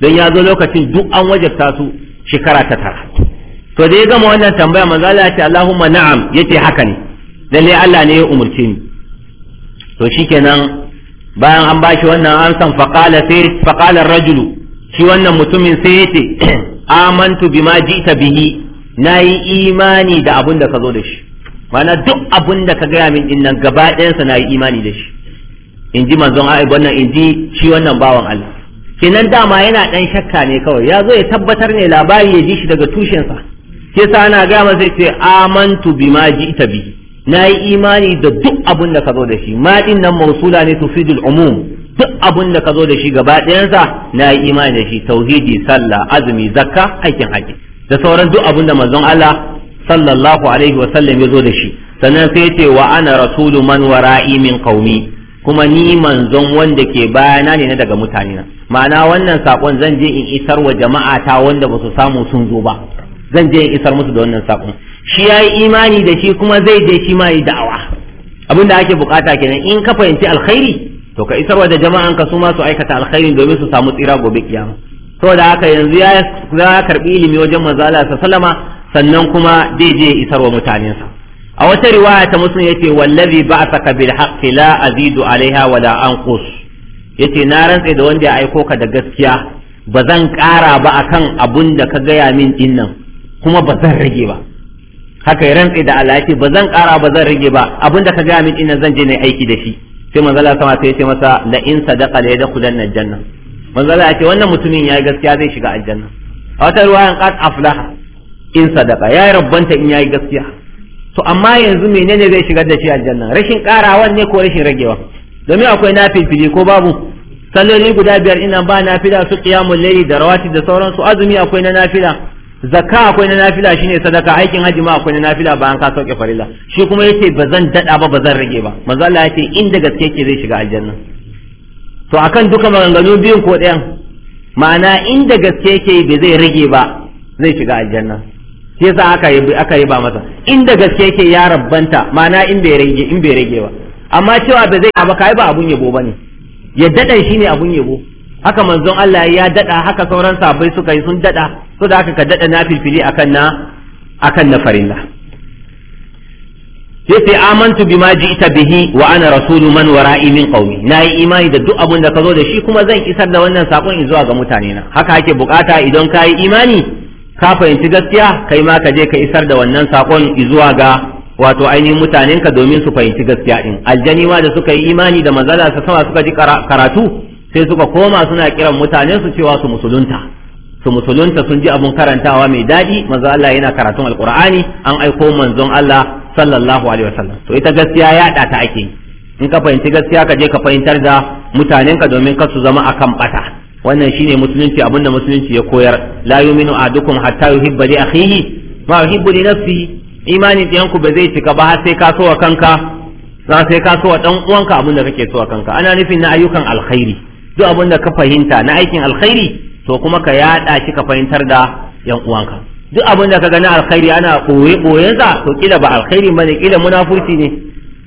don ya zo lokacin duk an wajabta su shekara ta tara to da ya gama wannan tambaya manzo Allah ya ce Allahumma na'am yace haka ne lalle Allah ne ya umurce ni to shikenan bayan an bashi wannan san faqala sai faqala rajulu shi wannan mutumin sai yace amantu bima jita bihi nayi imani da abun da ka zo da shi mana duk abun da ka gaya min din nan gaba ɗayansa nayi imani da shi in ji manzon ai wannan in ji shi wannan bawan Allah kenan dama yana dan shakka ne kawai ya zo ya tabbatar ne labari ya ji shi daga tushensa ke sa ana gaya masa sai amantu bima jita bihi na yi imani da duk abin da ka zo da shi ma din nan mausula ne tufidul umum duk abin da ka zo da shi gaba ɗayansa na yi imani da shi tauhidi sallah azumi zakka aikin haji da sauran duk abin da manzon Allah sallallahu alaihi wa ya zo da shi sannan sai ce wa ana rasulu man wara'i min qaumi kuma ni manzon wanda ke bayana ne na daga mutane na ma'ana wannan sakon zan je in isar wa jama'a ta wanda ba su samu sun zo ba zan je in isar musu da wannan sakon shi ya yi imani da shi kuma zai je shi ma yi da'awa abin da ake bukata kenan in ka fahimci alkhairi to ka isarwa da jama'an ka su ma su aikata alkhairin domin su samu tsira gobe kiyama saboda haka yanzu ya ya karbi ilimi wajen manzo Allah sallama sannan kuma zai je isarwa sa a wata riwaya ta muslim yace wallazi ba'athaka bil haqqi la azidu alaiha la anqus yace na rantse da wanda ya aiko ka da gaskiya ba zan ƙara ba akan abun da ka gaya min dinnan kuma ba zan rage ba haka ya rantsi da Allah yace ba zan ƙara ba zan rage ba abinda ka gaya min ina zan je ne aiki da shi sai manzala sama sai ce masa la in sadaqa la yadkhulanna janna manzala yace wannan mutumin yayi gaskiya zai shiga aljanna a wata ruwayan qad aflaha in sadaqa yayi rabbanta in yayi gaskiya to amma yanzu menene zai shigar da shi aljanna rashin karawan ne ko rashin ragewa domin akwai nafilfili ko babu salloli guda biyar ina ba nafila su qiyamul layli da rawati da sauransu azumi akwai na nafila zakka akwai na nafila shine sadaka aikin haji ma akwai na nafila bayan ka sauke farilla shi kuma yace bazan dada ba bazan rage ba manzo Allah yace inda gaske yake zai shiga aljanna to akan duka maganganu biyun ko ɗayan ma'ana inda gaske yake bai zai rage ba zai shiga aljanna shi yasa aka yi aka yi ba masa inda gaske yake ya rabbanta ma'ana in bai rage in bai rage ba amma cewa ba zai ba kai ba abun yabo bane ya dada shine abun yabo haka manzon Allah ya dada haka sauran sabai suka yi sun dada so da haka ka dada na filfili akan na akan na farilla yace amantu bima ji'ta bihi wa ana rasulu man wara'i min qawmi nayi imani da duk abun da kazo da shi kuma zan isar da wannan sakon zuwa ga mutane na haka ake bukata idan kayi imani ka fahimci gaskiya kai ma ka je ka isar da wannan sakon zuwa ga wato ainihin mutanen ka domin su fahimci gaskiya din aljani ma da suka yi imani da manzala sa sama suka ji karatu sai suka koma suna kiran mutane su cewa su musulunta su musulunta sun ji abun karantawa mai daɗi manzo Allah yana karatun alqur'ani an aiko manzon Allah sallallahu alaihi wasallam to ita gaskiya ya ta ake in ka fahimci gaskiya ka je ka fahimtar da mutanenka domin kar su zama akan bata wannan shine musulunci abinda musulunci ya koyar la yu'minu ahadukum hatta yuhibba li akhihi ma yuhibbu li nafsihi imanin ɗiyanku ba zai cika ba sai ka so wa kanka sai ka so wa dan uwanka abinda kake so wa kanka ana nufin na ayyukan alkhairi duk abin da ka fahimta na aikin alkhairi to kuma ka yaɗa shi ka fahimtar da yan uwanka duk abin da ka gani alkhairi ana ɓoye ɓoyensa to kila ba alkhairi bane kila munafurci ne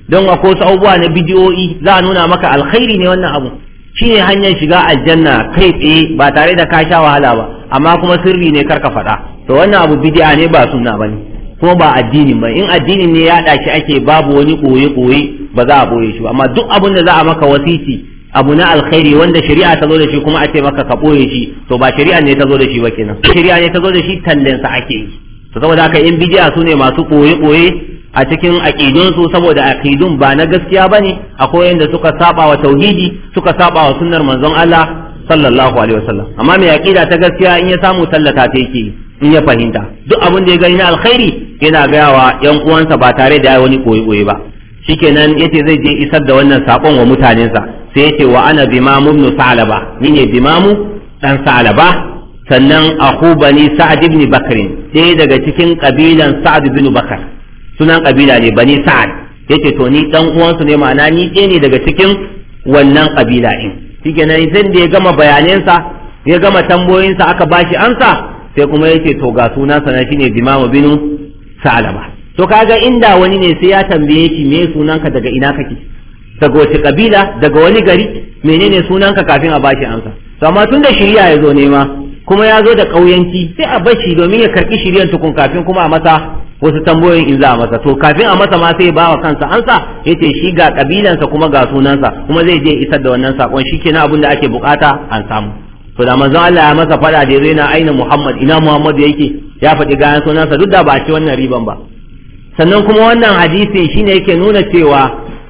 don akwai wasu abubuwa na bidiyoyi za a nuna maka alkhairi ne wannan abu shine hanyar shiga aljanna kai tsaye ba tare da ka sha wahala ba amma kuma sirri ne karka faɗa to wannan abu bidi'a ne ba sunna bane kuma ba addinin ba in addinin ne ya ɗaki ake babu wani ɓoye ɓoye ba za a ɓoye shi ba amma duk abin da za a maka wasiti abu na alkhairi wanda shari'a ta zo da shi kuma a ce maka ka ɓoye shi to ba shari'a ne ta zo da shi ba kenan shari'a ne ta zo da shi tallensa ake yi to saboda haka in bidiya su ne masu ɓoye-ɓoye a cikin aƙidunsu saboda aƙidun ba na gaskiya ba ne akwai yadda suka saba wa tauhidi suka saba wa sunnar manzon Allah sallallahu alaihi wasallam amma mai aƙida ta gaskiya in ya samu tallata ta yake in ya fahimta duk abin da ya gani na alkhairi yana gaya wa ƴan uwansa ba tare da wani ɓoye ɓoye ba shikenan yace zai je isar da wannan sakon wa mutanensa sai yake wa ana bimamu ibn salaba ni ne bimamu dan salaba sannan ahu bani sa'ad ibn bakr sai daga cikin kabilan sa'ad ibn bakr sunan kabila ne bani sa'ad yace to ni dan uwansu ne ma'ana ni ɗaya ne daga cikin wannan kabila din nan sai da ya gama bayanansa ya gama tambayoyinsa aka bashi amsa sai kuma yace to ga sunansa na shine bimamu bin salaba to kaga inda wani ne sai ya tambaye shi me sunanka daga ina kake daga wace kabila daga wani gari menene sunanka kafin a bashi ansa to amma tunda shari'a ya zo nema kuma ya zo da kauyanci sai a bashi domin ya karbi shari'ar tukun kafin kuma a masa wasu tambayoyin in za a masa to kafin a masa ma sai ya bawa kansa ansa yace shi ga kabilansa kuma ga sunansa kuma zai je isar da wannan sakon shikenan abin da ake bukata an samu to da manzon Allah ya masa fada da zai na aina Muhammad ina Muhammad yake ya faɗi kayan sunansa duk da ba a ci wannan riban ba sannan kuma wannan hadisi shine yake nuna cewa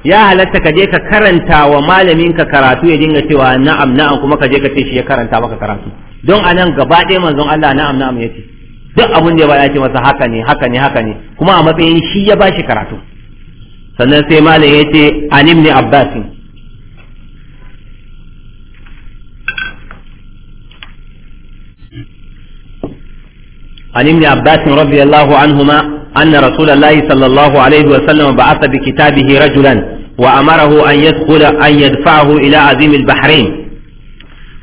ya halatta ka je ka karanta wa malamin ka karatu ya dinga cewa na'am na'am kuma ka je ka ce shi ya karanta maka karatu don anan gaba ɗaya manzon Allah na'am na'am ya ce duk abun da ya bada ce masa haka ne haka ne haka ne kuma a matsayin shi ya bashi karatu sannan sai malam ya ce an ibn abbasin an ibn abbas radiyallahu anhuma أن رسول الله صلى الله عليه وسلم بعث بكتابه رجلا وأمره أن يدخل أن يدفعه إلى عظيم البحرين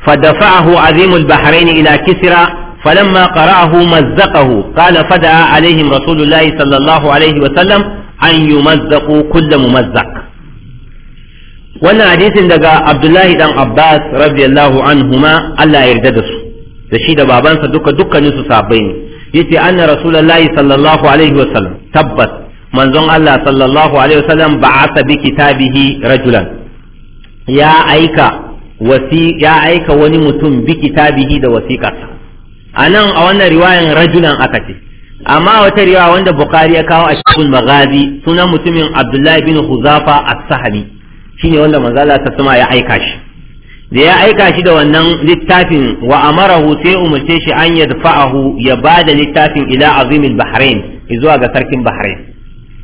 فدفعه عظيم البحرين إلى كسرى فلما قرأه مزقه قال فدعا عليهم رسول الله صلى الله عليه وسلم أن يمزقوا كل ممزق wannan hadisin daga abdullahi dan abbas radiyallahu anhuma allah ya yarda da su da shi da babansa duka dukkanin su sabai ne yace anna rasulullahi sallallahu alaihi sallam tabbas manzon Allah sallallahu alaihi wasallam ba'atha bi kitabihi rajulan ya aika wasi ya aika wani mutum bi kitabihi da wasiqarsa anan a wannan riwayan rajulan aka ce amma wata riwaya wanda bukhari ya kawo a cikin magazi sunan mutumin abdullahi bin huzafa as-sahabi shine wanda Manzala Allah ta ya aika shi da ya aika shi da wannan littafin wa amarahu sai umarce shi an yadfa'ahu ya ba da littafin ila azimil bahrain zuwa ga sarkin bahrain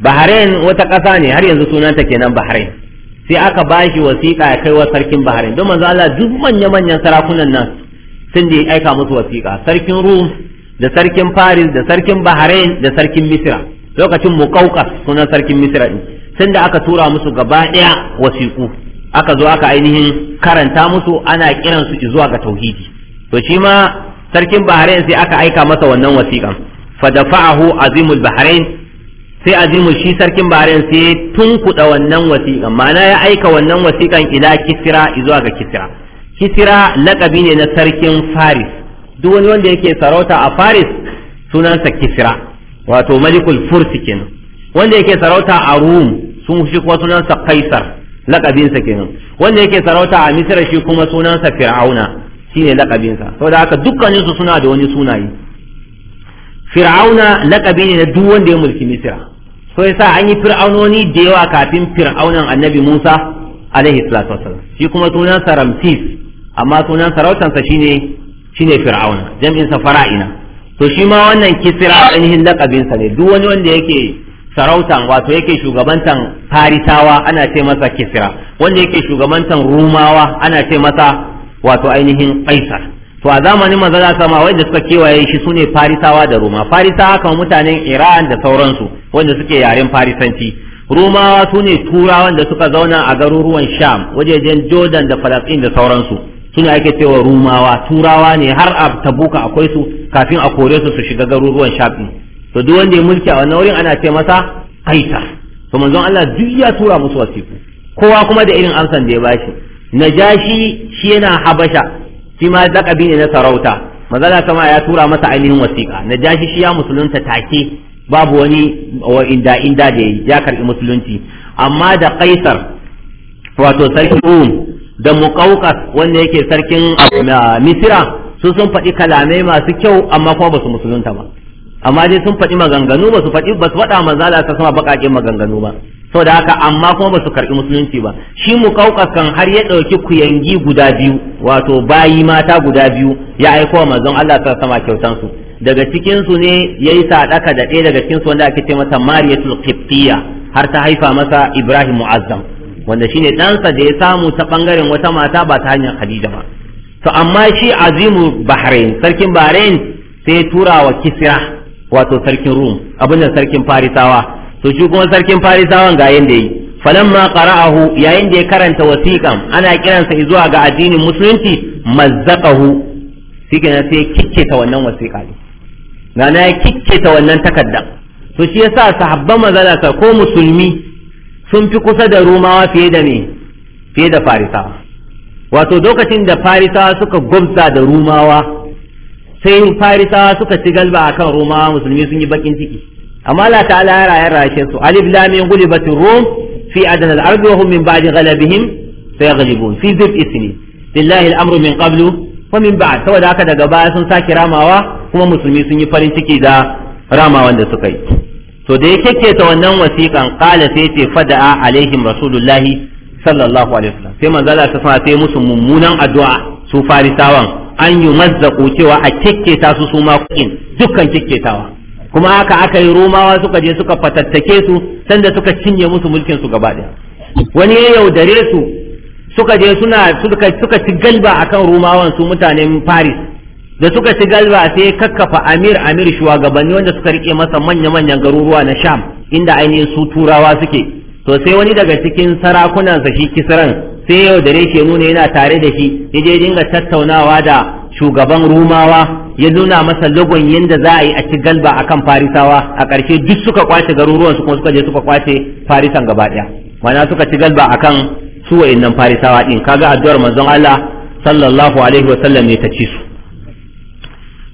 bahrain wata ƙasa ne har yanzu sunanta kenan bahrain sai aka ba shi wasiƙa ya kai wa sarkin bahrain don manzo Allah duk manya manyan sarakunan nan sun da aika musu wasiƙa sarkin rum da sarkin faris da sarkin bahrain da sarkin misra lokacin muqawqas sunan sarkin misra din sun da aka tura musu gaba ɗaya wasiƙu aka zo aka ainihin karanta musu ana kiransu zuwa ga tauhidi to shi ma sarkin bahrain sai aka aika masa wannan wasiƙan dafa'ahu azimul bahrain sai azimul shi sarkin bahrain sai tunkuɗa wannan wasiƙan ma'ana ya aika wannan wasiƙan ila kisira zuwa ga kisira kisira laƙabi ne na sarkin faris duk wani wanda yake sarauta a faris sunansa kisira wato malikul fursikin wanda yake sarauta a rum sun shi kuma sunansa kaisar lakabinsa kenan wanda yake sarauta a misira shi kuma sunansa fir'auna shine lakabinsa saboda haka dukkanin su suna da wani sunaye fir'auna lakabi ne na duk wanda ya mulki misira so yasa an yi fir'aunoni da yawa kafin fir'aunan annabi Musa alaihi salatu wassalam shi kuma sunansa Ramses amma sunan sarautansa shine shine fir'auna jam'in fara'ina to shi ma wannan kisira ainihin lakabinsa ne duk wani wanda yake sarautan wato yake shugabantan farisawa ana ce masa kisra wanda yake shugabantan rumawa ana ce masa wato ainihin kaisar to a zamanin maza za sama wanda suka kewaye shi sune farisawa da ruma farisawa kan mutanen iran da sauransu wanda suke yaren farisanci rumawa sune turawa da suka zauna a garuruwan sham wajejen jordan da falastin da sauransu suna ake cewa rumawa turawa ne har a tabuka akwai su kafin a kore su su shiga garuruwan sham to duk wanda ya mulki a wannan wurin ana ce masa aita to manzon Allah duk ya tura musu wasiku kowa kuma da irin amsan da ya bashi najashi shi yana habasha shi ma lakabi ne na sarauta mazala kama ya tura masa ainihin wasiƙa najashi shi ya musulunta take babu wani inda inda da ya karɓi musulunci amma da kaisar wato sarkin rum da muƙauƙas wanda yake sarkin ah, misira su sun faɗi kalamai masu kyau amma kuma ba su musulunta ba amma dai sun faɗi maganganu ba su faɗi ba su faɗa da ta sama baƙaƙen maganganu ba saboda haka amma kuma ba su karɓi musulunci ba shi mu kan har ya ɗauki kuyangi guda biyu wato bayi mata guda biyu ya aiko manzon Allah ta sama kyautan su daga cikin su ne yayi sadaka da ɗaya daga cikin su wanda ake ce mata Mariyatul Qibtiyya har ta haifa masa Ibrahim Mu'azzam wanda shine ɗansa da ya samu ta ɓangaren wata mata ba ta hanyar Khadija ba to amma shi Azimu Bahrain sarkin Bahrain sai turawa Kisra wato sarkin rum abin da sarkin farisawa to shi kuma sarkin farisawan ga da yi falamma qara'ahu yayin da ya karanta wasiqan ana kiransa zuwa ga addinin musulunci mazzaqahu shike na sai ta wannan wasiqa ne na na ta wannan takarda to shi yasa sahabban mazalaka ko musulmi sun fi kusa da rumawa fiye da ne, fiye da farisawa wato lokacin da farisawa suka gwabza da rumawa sai farisawa suka ci galba akan roma musulmi sun yi bakin ciki amma la ta'ala ya rayar rashe su alif lam min rum fi adna al wa hum min ba'di ghalabihim sayaghlibun fi dhib isni lillahi al-amru min qablu wa min ba'd saboda haka daga baya sun saki ramawa kuma musulmi sun yi farin ciki da ramawan da suka yi to da ya ta wannan wasiƙan qala sai ce fada'a alaihim rasulullahi sallallahu alaihi wasallam sai manzo Allah ta sai musu mummunan addu'a su farisawan an yi mazzaƙo cewa a kekketa su su kuɗin dukkan kekketawa kuma haka aka yi romawa suka je suka fatattake su sanda suka cinye musu mulkin su gaba ɗaya wani ya yaudare su suka je suna suka suka ci galba akan romawan su mutanen paris da suka ci galba sai kakkafa amir amir shugabanni wanda suka rike masa manya manyan garuruwa na sham inda ainihin su turawa suke to sai wani daga cikin sarakunansa shi kisran sai yau dare ke nuna yana tare da shi ya je dinga tattaunawa da shugaban rumawa ya nuna masa logon yadda za a yi a ci galba akan farisawa a ƙarshe duk suka kwace garuruwan su kuma suka je suka kwace farisan gaba ɗaya mana suka ci galba akan su wa'annan farisawa din kaga addu'ar manzon Allah sallallahu alaihi wa sallam ne ta ci su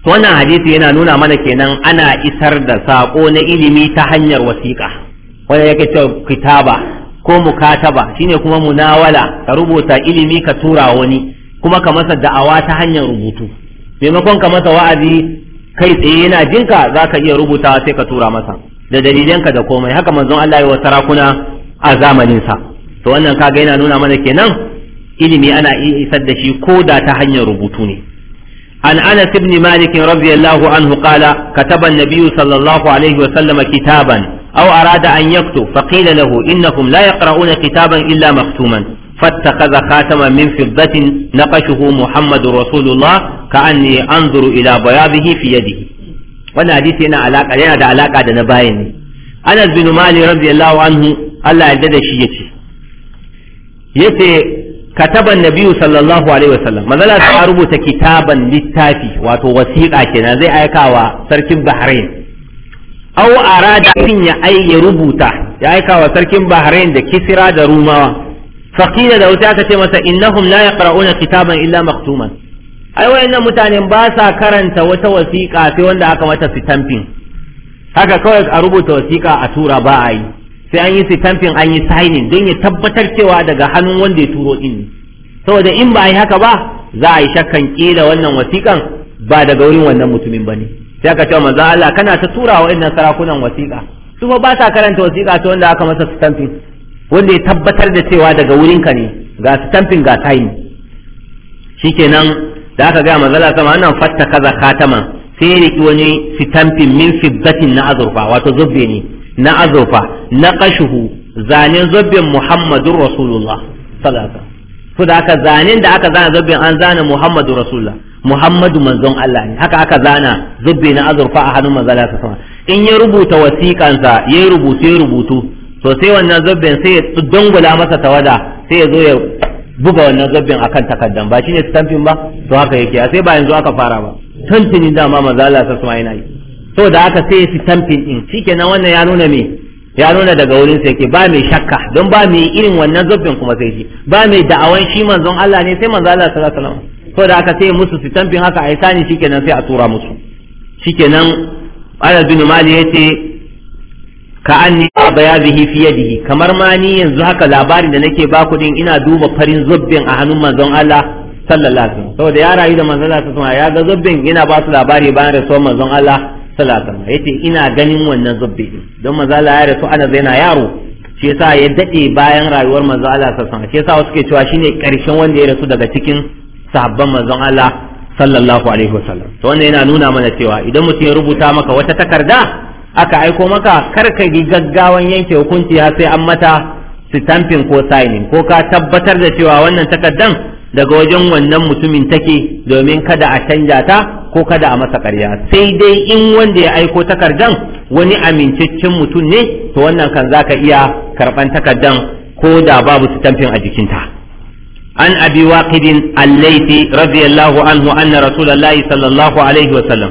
to wannan hadisi yana nuna mana kenan ana isar da sako na ilimi ta hanyar wasiƙa wanda yake cewa kitaba ko mukataba shine kuma munawala ka rubuta ilimi ka tura wani kuma ka masa da'awa ta hanyar rubutu maimakon ka masa wa'azi kai tsaye yana jinka za ka iya rubutawa sai ka tura masa da dalilanka da komai haka manzon Allah ya wa sarakuna a sa to wannan kaga yana nuna mana kenan ilimi ana isar da shi ko da ta hanyar rubutu ne an أنس بن مالك رضي الله عنه قال كتب النبي sallallahu alaihi wa sallama kitaban. أو أراد أن يكتب فقيل له إنكم لا يقرؤون كتابا إلا مختوما فاتخذ خاتما من فضة نقشه محمد رسول الله كأني أنظر إلى بياضه في يده وانا حديث هنا علاقة لنا ده علاقة ده نباين أنس بن مالي رضي الله عنه الله عدد شيئتي يتي كتب النبي صلى الله عليه وسلم ماذا لا تعربت كتابا للتافي واتو وثيقة كنا زي أيكا وسركب بحرين au arada fin ya ai ya rubuta ya aika wa sarkin bahrain da kisira da rumawa faqila da wuta aka ce masa innahum la yaqra'una kitaban illa maktuman ai wayannan mutanen ba sa karanta wata wasiƙa sai wanda aka mata sitamfin haka kawai a rubuta wasiƙa a tura ba a yi sai an yi sitamfin an yi signing don ya tabbatar cewa daga hannun wanda ya turo din saboda in ba a yi haka ba za a yi shakkan kila wannan wasiƙan ba daga wurin wannan mutumin ba ne sai aka ce manzo Allah kana ta tura wa innan sarakunan wasiƙa su ba sa karanta wasiƙa ta wanda aka masa stamping wanda ya tabbatar da cewa daga wurin ka ne ga stamping ga sign shikenan da aka ga manzo Allah sama annan fatta kaza khatama sai ya wani stamping min fiddatin na azurfa wato zubbe ne na azurfa na kashuhu zanen zubbin Muhammadur Rasulullah sallallahu alaihi wasallam da aka zanen da aka zana zubbin an zana Muhammadur Rasulullah Muhammadu manzon Allah ne haka aka zana zubbe na azurfa a hannun manzon Allah sama in ya rubuta wasiƙansa ya rubutu ya rubutu to sai wannan zubben sai ya dangula masa tawada sai ya zo ya buga wannan zubben akan takardan ba shine stamping ba to haka yake sai ba yanzu aka fara ba tantini dama manzon Allah sama yana yi to da aka sai ya stamping din shikenan wannan ya nuna me ya nuna daga wurin sa yake ba mai shakka don ba mai irin wannan zubben kuma sai shi ba mai da'awan shi manzon Allah ne sai manzon Allah sallallahu alaihi wasallam ko da aka sai musu sitamfin haka a isani shikenan sai a tura musu shikenan ana bin mali yace ka anni bayazihi fi yadihi kamar ma ni yanzu haka labarin da nake ba ku din ina duba farin zubbin a hannun manzon Allah sallallahu alaihi wasallam saboda ya rayu da manzon Allah sallallahu alaihi wasallam ya ga zubbin ina ba su labari bayan rasuwar manzon Allah sallallahu alaihi wasallam yace ina ganin wannan zubbi don manzon Allah ya rasu ana zaina yaro shi yasa ya dade bayan rayuwar manzon Allah sallallahu alaihi wasallam shi yasa wasu ke cewa shine karshen wanda ya rasu daga cikin sahabban manzon Allah sallallahu alaihi wasallam to wannan yana nuna mana cewa idan mutum ya rubuta maka wata takarda aka aiko maka kar ka yi gaggawan yanke hukunci ya sai an mata stamping ko signing ko ka tabbatar da cewa wannan takardan daga wajen wannan mutumin take domin kada a canja ta ko kada a masa ƙarya sai dai in wanda ya aiko takardan wani amincaccen mutum ne to wannan kan zaka iya karɓan takardan ko da babu stamping a jikinta. عن أبي واقد الليثي رضي الله عنه أن رسول الله صلى الله عليه وسلم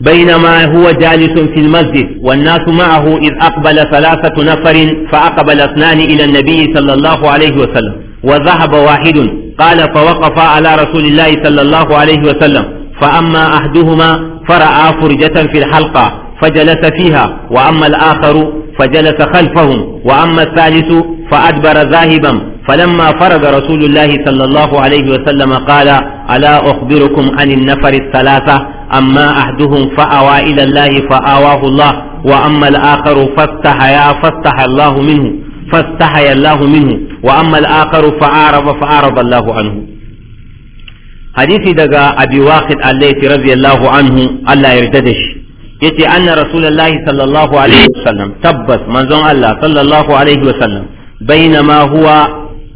بينما هو جالس في المسجد والناس معه إذ أقبل ثلاثة نفر فأقبل اثنان إلى النبي صلى الله عليه وسلم وذهب واحد قال فوقف على رسول الله صلى الله عليه وسلم فأما أحدهما فرأى فرجة في الحلقة فجلس فيها وأما الآخر فجلس خلفهم وأما الثالث فأدبر ذاهبا فلما فرغ رسول الله صلى الله عليه وسلم قال ألا أخبركم عن النفر الثلاثة أما أحدهم فأوى إلى الله فآواه الله وأما الآخر فاستحيا فاستحى الله منه فاستحيا الله منه وأما الآخر فأعرض فأعرض الله عنه حديث دقا أبي واقد الليث رضي الله عنه ألا يرتدش يتي أن رسول الله صلى الله عليه وسلم تبس منزون الله صلى الله عليه وسلم بينما هو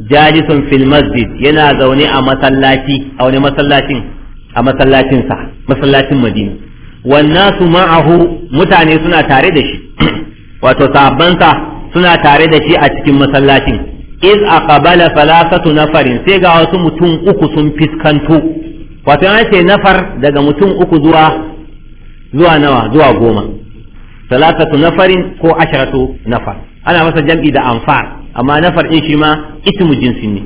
jalisun fil masjid yana zaune a masallaci a wani masallacin a masallacin sa masallacin Madina wannasu ma'ahu mutane suna tare da shi wato sabbansa suna tare da shi a cikin masallacin iz aqbala salasatu nafarin sai ga wasu mutum uku sun fiskanto wato an ce nafar daga mutum uku zuwa zuwa nawa zuwa goma salasatu nafarin ko asharatu nafar ana masa jam'i da anfar amma na far'in shi ma ismu jinsin ne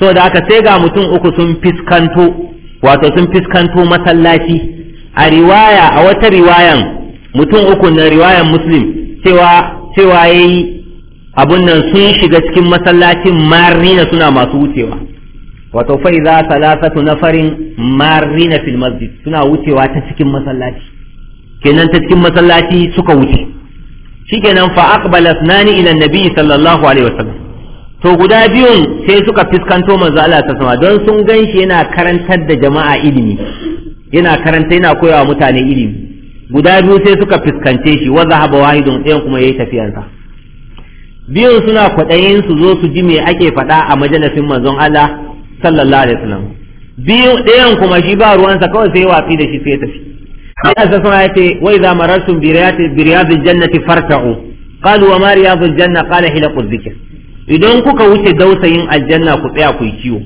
so da aka sai ga mutum uku sun fiskanto wato sun fiskanto masallaci a riwaya a wata riwayan mutum uku na riwayan muslim cewa cewa yayi abun nan sun shiga cikin masallacin marina suna masu wucewa wato fa idza salasatu nafarin marina fil masjid suna wucewa ta cikin masallaci kenan ta cikin masallaci suka wuce shikenan fa aqbala ithnani ila nabi sallallahu alaihi wasallam to guda biyun sai suka fiskanto manzo Allah ta sama don sun ganshi yana karantar da jama'a ilimi yana karanta yana koyawa mutane ilimi guda biyu sai suka fiskance shi wa zahaba wahidun ɗayan kuma yayi tafiyansa biyun suna kwaɗayin su zo su ji me ake faɗa a majalisin manzon Allah sallallahu alaihi wasallam biyu ɗayan kuma shi ba ruwansa kawai sai wafi da shi sai tafi Allah sa sama yace wa idza marartum bi riyati bi riyadil jannati farta'u qalu wa ma riyadul janna qala hila dhikr idan kuka wuce dausayin aljanna ku tsaya ku yi kiwo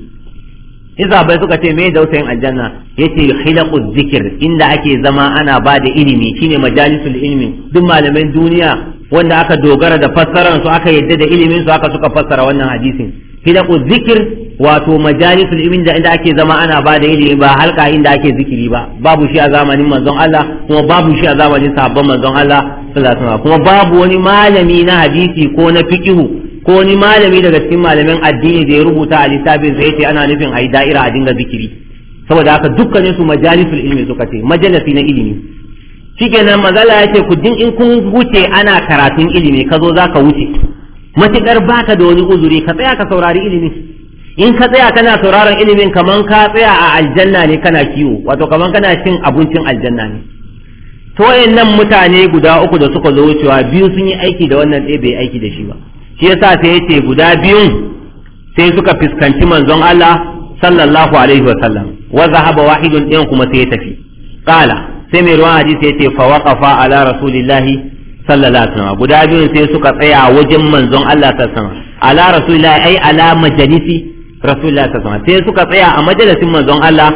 bai suka ce me dausayin aljanna yace hila dhikr inda ake zama ana ba da ilimi shine majalisul ilmi duk malaman duniya wanda aka dogara da fassarar su aka yadda da ilimin su aka suka fassara wannan hadisin hila dhikr wato majalisul ilmi da inda ake zama ana ba da ilimi ba halka inda ake zikiri ba babu shi a zamanin manzon Allah kuma babu shi a zamanin sahabban manzon Allah sallallahu alaihi kuma babu wani malami na hadisi ko na fiqihu ko wani malami daga cikin malamin addini da ya rubuta a littafin sai ce ana nufin ai da'ira a dinga zikiri saboda haka dukkanin su majalisul ilmi suka ce majalisi na ilimi shikenan mazala yake ku din in kun wuce ana karatun ilimi ka zo zaka wuce matukar baka da wani uzuri ka tsaya ka saurari ilimi in ka tsaya kana sauraron ilimin kaman ka tsaya a aljanna ne kana kiwo wato kaman kana cin abincin aljanna ne to wayannan mutane guda uku da suka zo wucewa biyu sun yi aiki da wannan ɗaya bai aiki da shi ba shi yasa sai yace guda biyun sai suka fuskanci manzon Allah sallallahu alaihi wa sallam wa zahaba wahidun ɗayan kuma sai ya tafi qala sai mai ruwan hadisi yace fa waqafa ala rasulillahi sallallahu alaihi wasallam guda biyun sai suka tsaya wajen manzon Allah sallallahu alaihi wasallam ala rasulillahi ai ala majalisi rasulullahi sallallahu alaihi sai suka tsaya a majalisin manzon Allah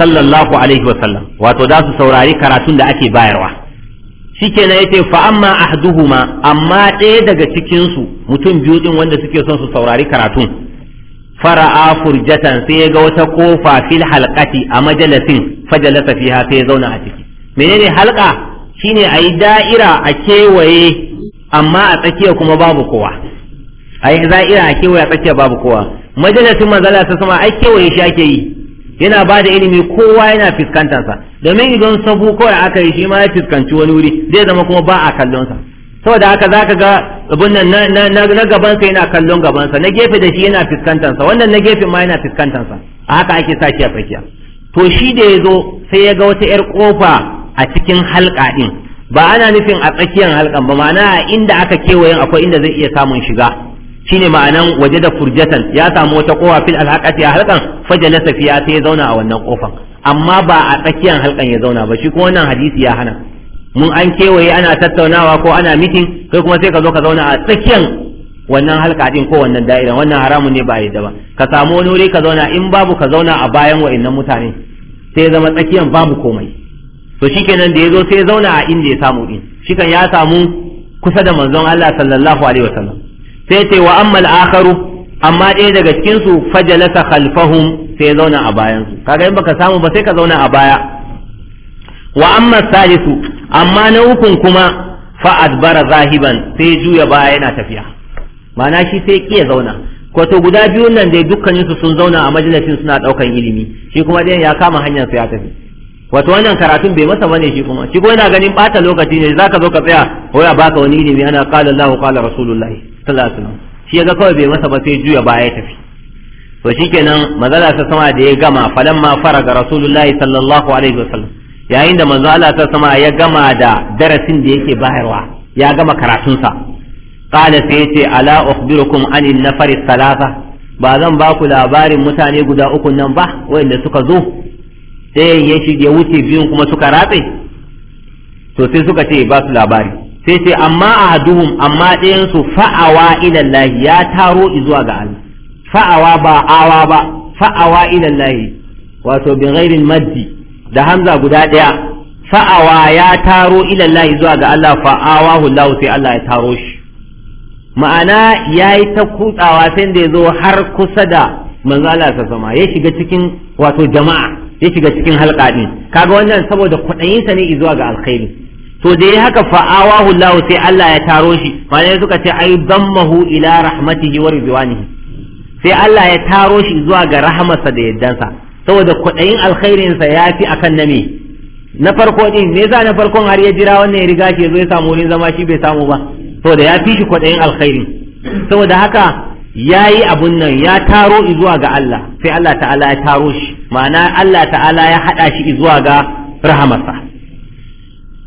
sallallahu alaihi wasallam wato za su saurari karatun da ake bayarwa shikenan yace fa amma ahduhuma amma ɗaya daga cikin su mutum biyu din wanda suke son su saurari karatun fara'a furjatan sai ya ga wata kofa fil halqati a majalisin fajalasa fiha sai ya zauna a ciki menene halqa shine ayi da'ira a kewaye amma a tsakiya kuma babu kowa ayi da'ira a kewaye a tsakiya babu kowa majalisin manzala ta sama ai kewaye shi ake yi yana ba da ilimi kowa yana fuskantarsa domin idan sabu kawai aka yi shi ma ya fuskanci wani wuri zai zama kuma ba a kallonsa saboda haka zaka ga abun nan na gabansa yana kallon gabansa na gefe da shi yana fuskantarsa wannan na gefe ma yana fuskantarsa a haka ake sa a tsakiya to shi da ya zo sai ya ga wata 'yar kofa a cikin halka ɗin ba ana nufin a tsakiyar halkan ba ma'ana inda aka kewaye akwai inda zai iya samun shiga shine ma'anan waje da furjatan ya samu wata kofa fil alhaqati a halkan fajalasa fiya sai ya zauna a wannan kofan amma ba a tsakiyar halkan ya zauna ba shi kuma wannan hadisi ya hana mun an kewaye ana tattaunawa ko ana mitin kai kuma sai ka zo ka zauna a tsakiyar wannan halka din ko wannan da'ira wannan haramun ne ba yadda ba ka samu wani wuri ka zauna in babu ka zauna a bayan wa'annan mutane sai ya zama tsakiyar babu komai to shikenan da ya zo sai ya zauna a inda ya samu din shikan ya samu kusa da manzon Allah sallallahu alaihi wasallam sai ce wa amma al'akaru amma ɗaya daga cikinsu fajalasa khalfahum sai zauna a bayansu kaga in baka samu ba sai ka zauna a baya wa amma salisu amma na ukun kuma fa adbara zahiban sai juya baya yana tafiya ma'ana shi sai ki zauna kwato guda biyun nan dai dukkanin su sun zauna a majalisin suna daukan ilimi shi kuma ɗayan ya kama hanyar sai ya tafi wato wannan karatun bai masa bane shi kuma shi kuma yana ganin bata lokaci ne zaka zo ka tsaya wai a baka wani ilimi ana qala Allahu qala rasulullahi sallallahu shi yaga kawai bai masa ba sai juya baya ya tafi to shikenan mazala ta sama da ya gama fara faraga rasulullahi sallallahu alaihi wasallam yayin da mazala ta sama ya gama da darasin da yake bayarwa ya gama karatun sa. qala sai yace ala ukhbirukum an an-nafar salasa ba zan ba ku labarin mutane guda uku nan ba wanda suka zo sai ya wuce biyun kuma suka ratse to sai suka ce ba su labari sai sai amma ahaduhum amma ɗayansu fa'awa ilallahi ya taro zuwa ga Allah fa'awa ba awa ba fa'awa ilallahi wato bin ghairil maddi da hamza guda ɗaya fa'awa ya taro ilallahi zuwa ga Allah fa'awa Allah sai Allah ya taro shi ma'ana ya yi ta kutsawa sai da ya zo har kusa da manzo Allah ta sama ya shiga cikin wato jama'a ya shiga cikin halƙa kaga wannan saboda kuɗayinsa ne zuwa ga alkhairi to da ya haka fa'awa Allah sai Allah ya taro shi bayan suka ce ai dammahu ila rahmatihi wa ridwanihi sai Allah ya taro shi zuwa ga rahamarsa da yaddansa saboda kudayin alkhairin sa yafi akan na me na farko din me yasa na farkon har ya jira wannan ya riga shi zo ya samu wurin zama shi bai samu ba saboda ya fi shi kudayin alkhairin saboda haka ya yi abun nan ya taro zuwa ga Allah sai Allah ta'ala ya taro shi ma'ana Allah ta'ala ya haɗa shi zuwa ga rahamarsa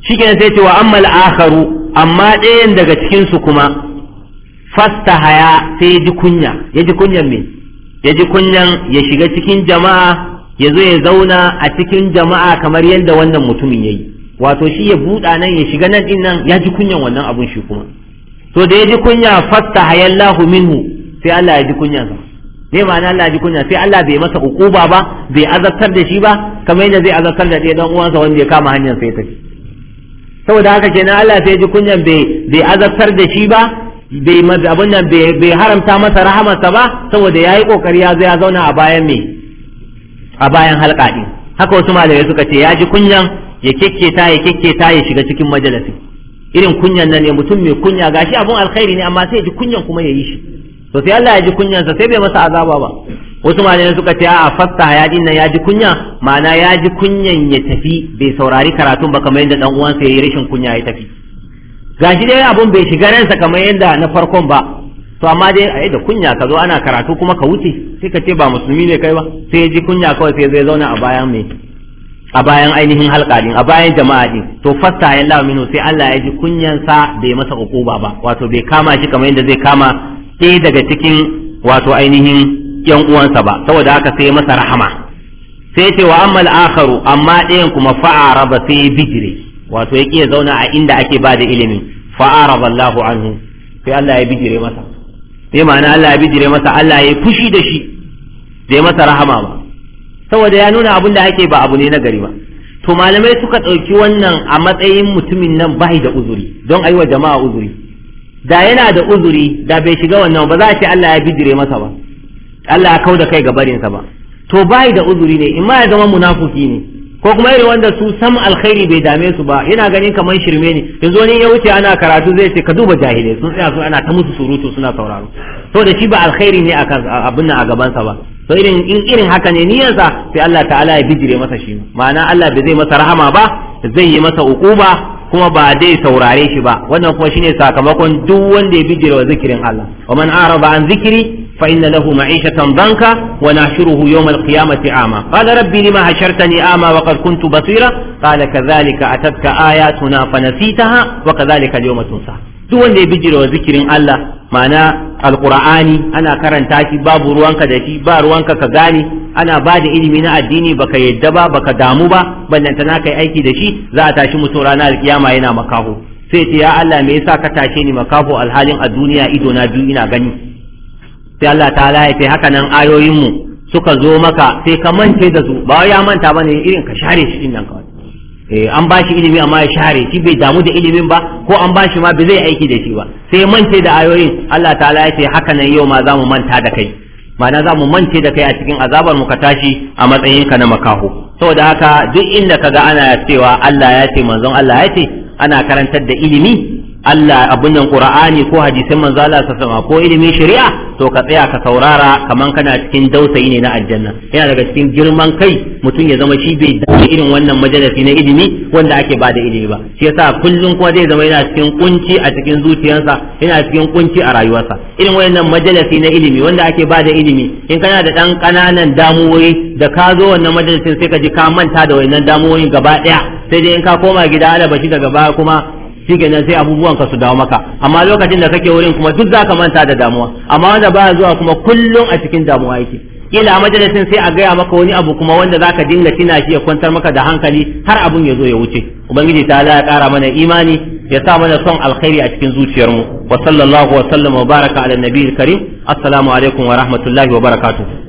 shikenan sai ce wa ammal akharu amma ɗayan daga cikin su kuma fastahaya sai ya ji kunya ya ji kunyan me ya ji kunyan ya shiga cikin jama'a ya zo ya zauna a cikin jama'a kamar yadda wannan mutumin ya yi wato shi ya buɗa nan ya shiga nan ɗin nan ya ji kunyan wannan abun shi kuma to da ya ji kunya fatta lahu minhu sai Allah ya ji sa me ma'ana Allah ya ji kunya sai Allah bai masa ukuba ba bai azabtar da shi ba kamar yadda zai azabtar da ɗaya dan uwansa wanda ya kama hanyar sai tafi saboda haka kenan Allah sai ji kunyan bai bai azabtar da shi ba bai abin nan bai haramta masa rahamarsa ba saboda yayi kokari ya zo ya zauna a bayan me a bayan halka din haka wasu malamai suka ce ya ji kunyan ya kekketa ya kekketa ya shiga cikin majalisi irin kunyan nan ne mutum mai kunya gashi abun alkhairi ne amma sai ya ji kunyan kuma ya yi shi to sai Allah ya ji kunyansa sai bai masa azaba ba wasu malamai suka ce a fasta ya din nan ya ji kunya ma'ana ya ji kunyan ya tafi bai saurari karatun ba kamar yadda dan uwansa ya yi rashin kunya ya tafi gashi dai abun bai shiga ransa kamar yadda na farkon ba to amma dai a da kunya ka zo ana karatu kuma ka wuce sai ka ce ba musulmi ne kai ba sai ya ji kunya kawai sai zai zauna a bayan me a bayan ainihin halka a bayan jama'a din to fasta ya lawa minu sai Allah ya ji sa bai masa ukuba ba wato bai kama shi kamar yadda zai kama ɗaya daga cikin wato ainihin yan uwansa ba saboda haka sai masa rahama sai ce wa ammal akharu amma ɗayan kuma ba sai bijire wato ya ƙi zauna a inda ake ba da ilimi fa'ara Allahu anhu sai Allah ya bijire masa sai ma'ana Allah ya bijire masa Allah ya fushi da shi bai masa rahama ba saboda ya nuna abin da ake ba abu ne na gari ba to malamai suka ɗauki wannan a matsayin mutumin nan bai da uzuri don a yi wa jama'a uzuri da yana da uzuri da bai shiga wannan ba za a ce Allah ya bijire masa ba Allah ya da kai gabarinsa ba to bai da uzuri ne in ma ya zama munafiki ne ko kuma irin wanda su sam alkhairi bai dame su ba yana ganin kamar shirme ne yanzu wani ya wuce ana karatu zai ce ka duba jahilai sun tsaya su ana ta musu surutu suna sauraro to da shi ba alkhairi ne abin nan a gabansa ba to irin in irin haka ne niyyarsa sai Allah ta'ala ya bijire masa shi ma'ana Allah bai zai masa rahama ba zai yi masa ba kuma ba dai saurare shi ba wannan kuma shine sakamakon duk wanda ya bijire wa zikirin Allah wa man araba an zikiri فإن له معيشة ضنكا ونحشره يوم القيامة أعمى قال ربي لما حشرتني أعمى وقد كنت بصيرا قال كذلك أتتك آياتنا فنسيتها وكذلك اليوم تنسى duk wanda ya bijira wa zikirin Allah ma'ana alqur'ani ana karanta shi babu ruwanka da shi ba ruwanka ka gane ana ba da ilimi na addini baka yadda ba baka damu ba ballanta na kai aiki da shi za a tashi mutum ranar alkiyama yana makaho sai ce ya Allah me yasa ka tashe ni makaho alhalin a duniya ido na biyu ina gani sai Allah Ta ya ce haka nan ayoyinmu suka zo maka sai ka mance da su ba ya manta bane irin ka share shi din nan kawai eh an ba shi ilimi amma ya share shi bai damu da ilimin ba ko an ba shi ma bai zai aiki da shi ba sai mance da ayoyin Allah Ta ya ce haka nan yau ma za mu manta da kai ma'ana za mu mance da kai a cikin azabar mu ka tashi a matsayin ka na makaho saboda haka duk inda ka ga ana cewa Allah ya ce manzon Allah ya ce ana karantar da ilimi Allah abun nan Qur'ani ko hadisin manzo Allah sallallahu ko ilimin shari'a to ka tsaya ka saurara kaman kana cikin dausayi ne na aljanna yana daga cikin girman kai mutum ya zama shi bai da irin wannan majalisi na ilimi wanda ake ba da ilimi ba shi yasa kullum kuma zai zama yana cikin kunci a cikin zuciyarsa yana cikin kunci a rayuwarsa irin wannan majalisi na ilimi wanda ake ba da ilimi in kana da dan kananan damuwoyi da ka zo wannan majalisin sai ka ji ka manta da wannan damuwoyin gaba daya sai dai in ka koma gida alabashi daga baya kuma shikenan sai abubuwan ka su dawo maka amma lokacin da kake wurin kuma duk zaka manta da damuwa amma wanda baya zuwa kuma kullum a cikin damuwa yake kila a majalisin sai a gaya maka wani abu kuma wanda zaka dinga tina shi ya kwantar maka da hankali har abun ya zo ya wuce ubangiji ta ya kara mana imani ya sa mana son alkhairi a cikin zuciyarmu wa sallallahu wa sallama wa baraka ala nabiyil karim assalamu alaikum wa rahmatullahi wa barakatuh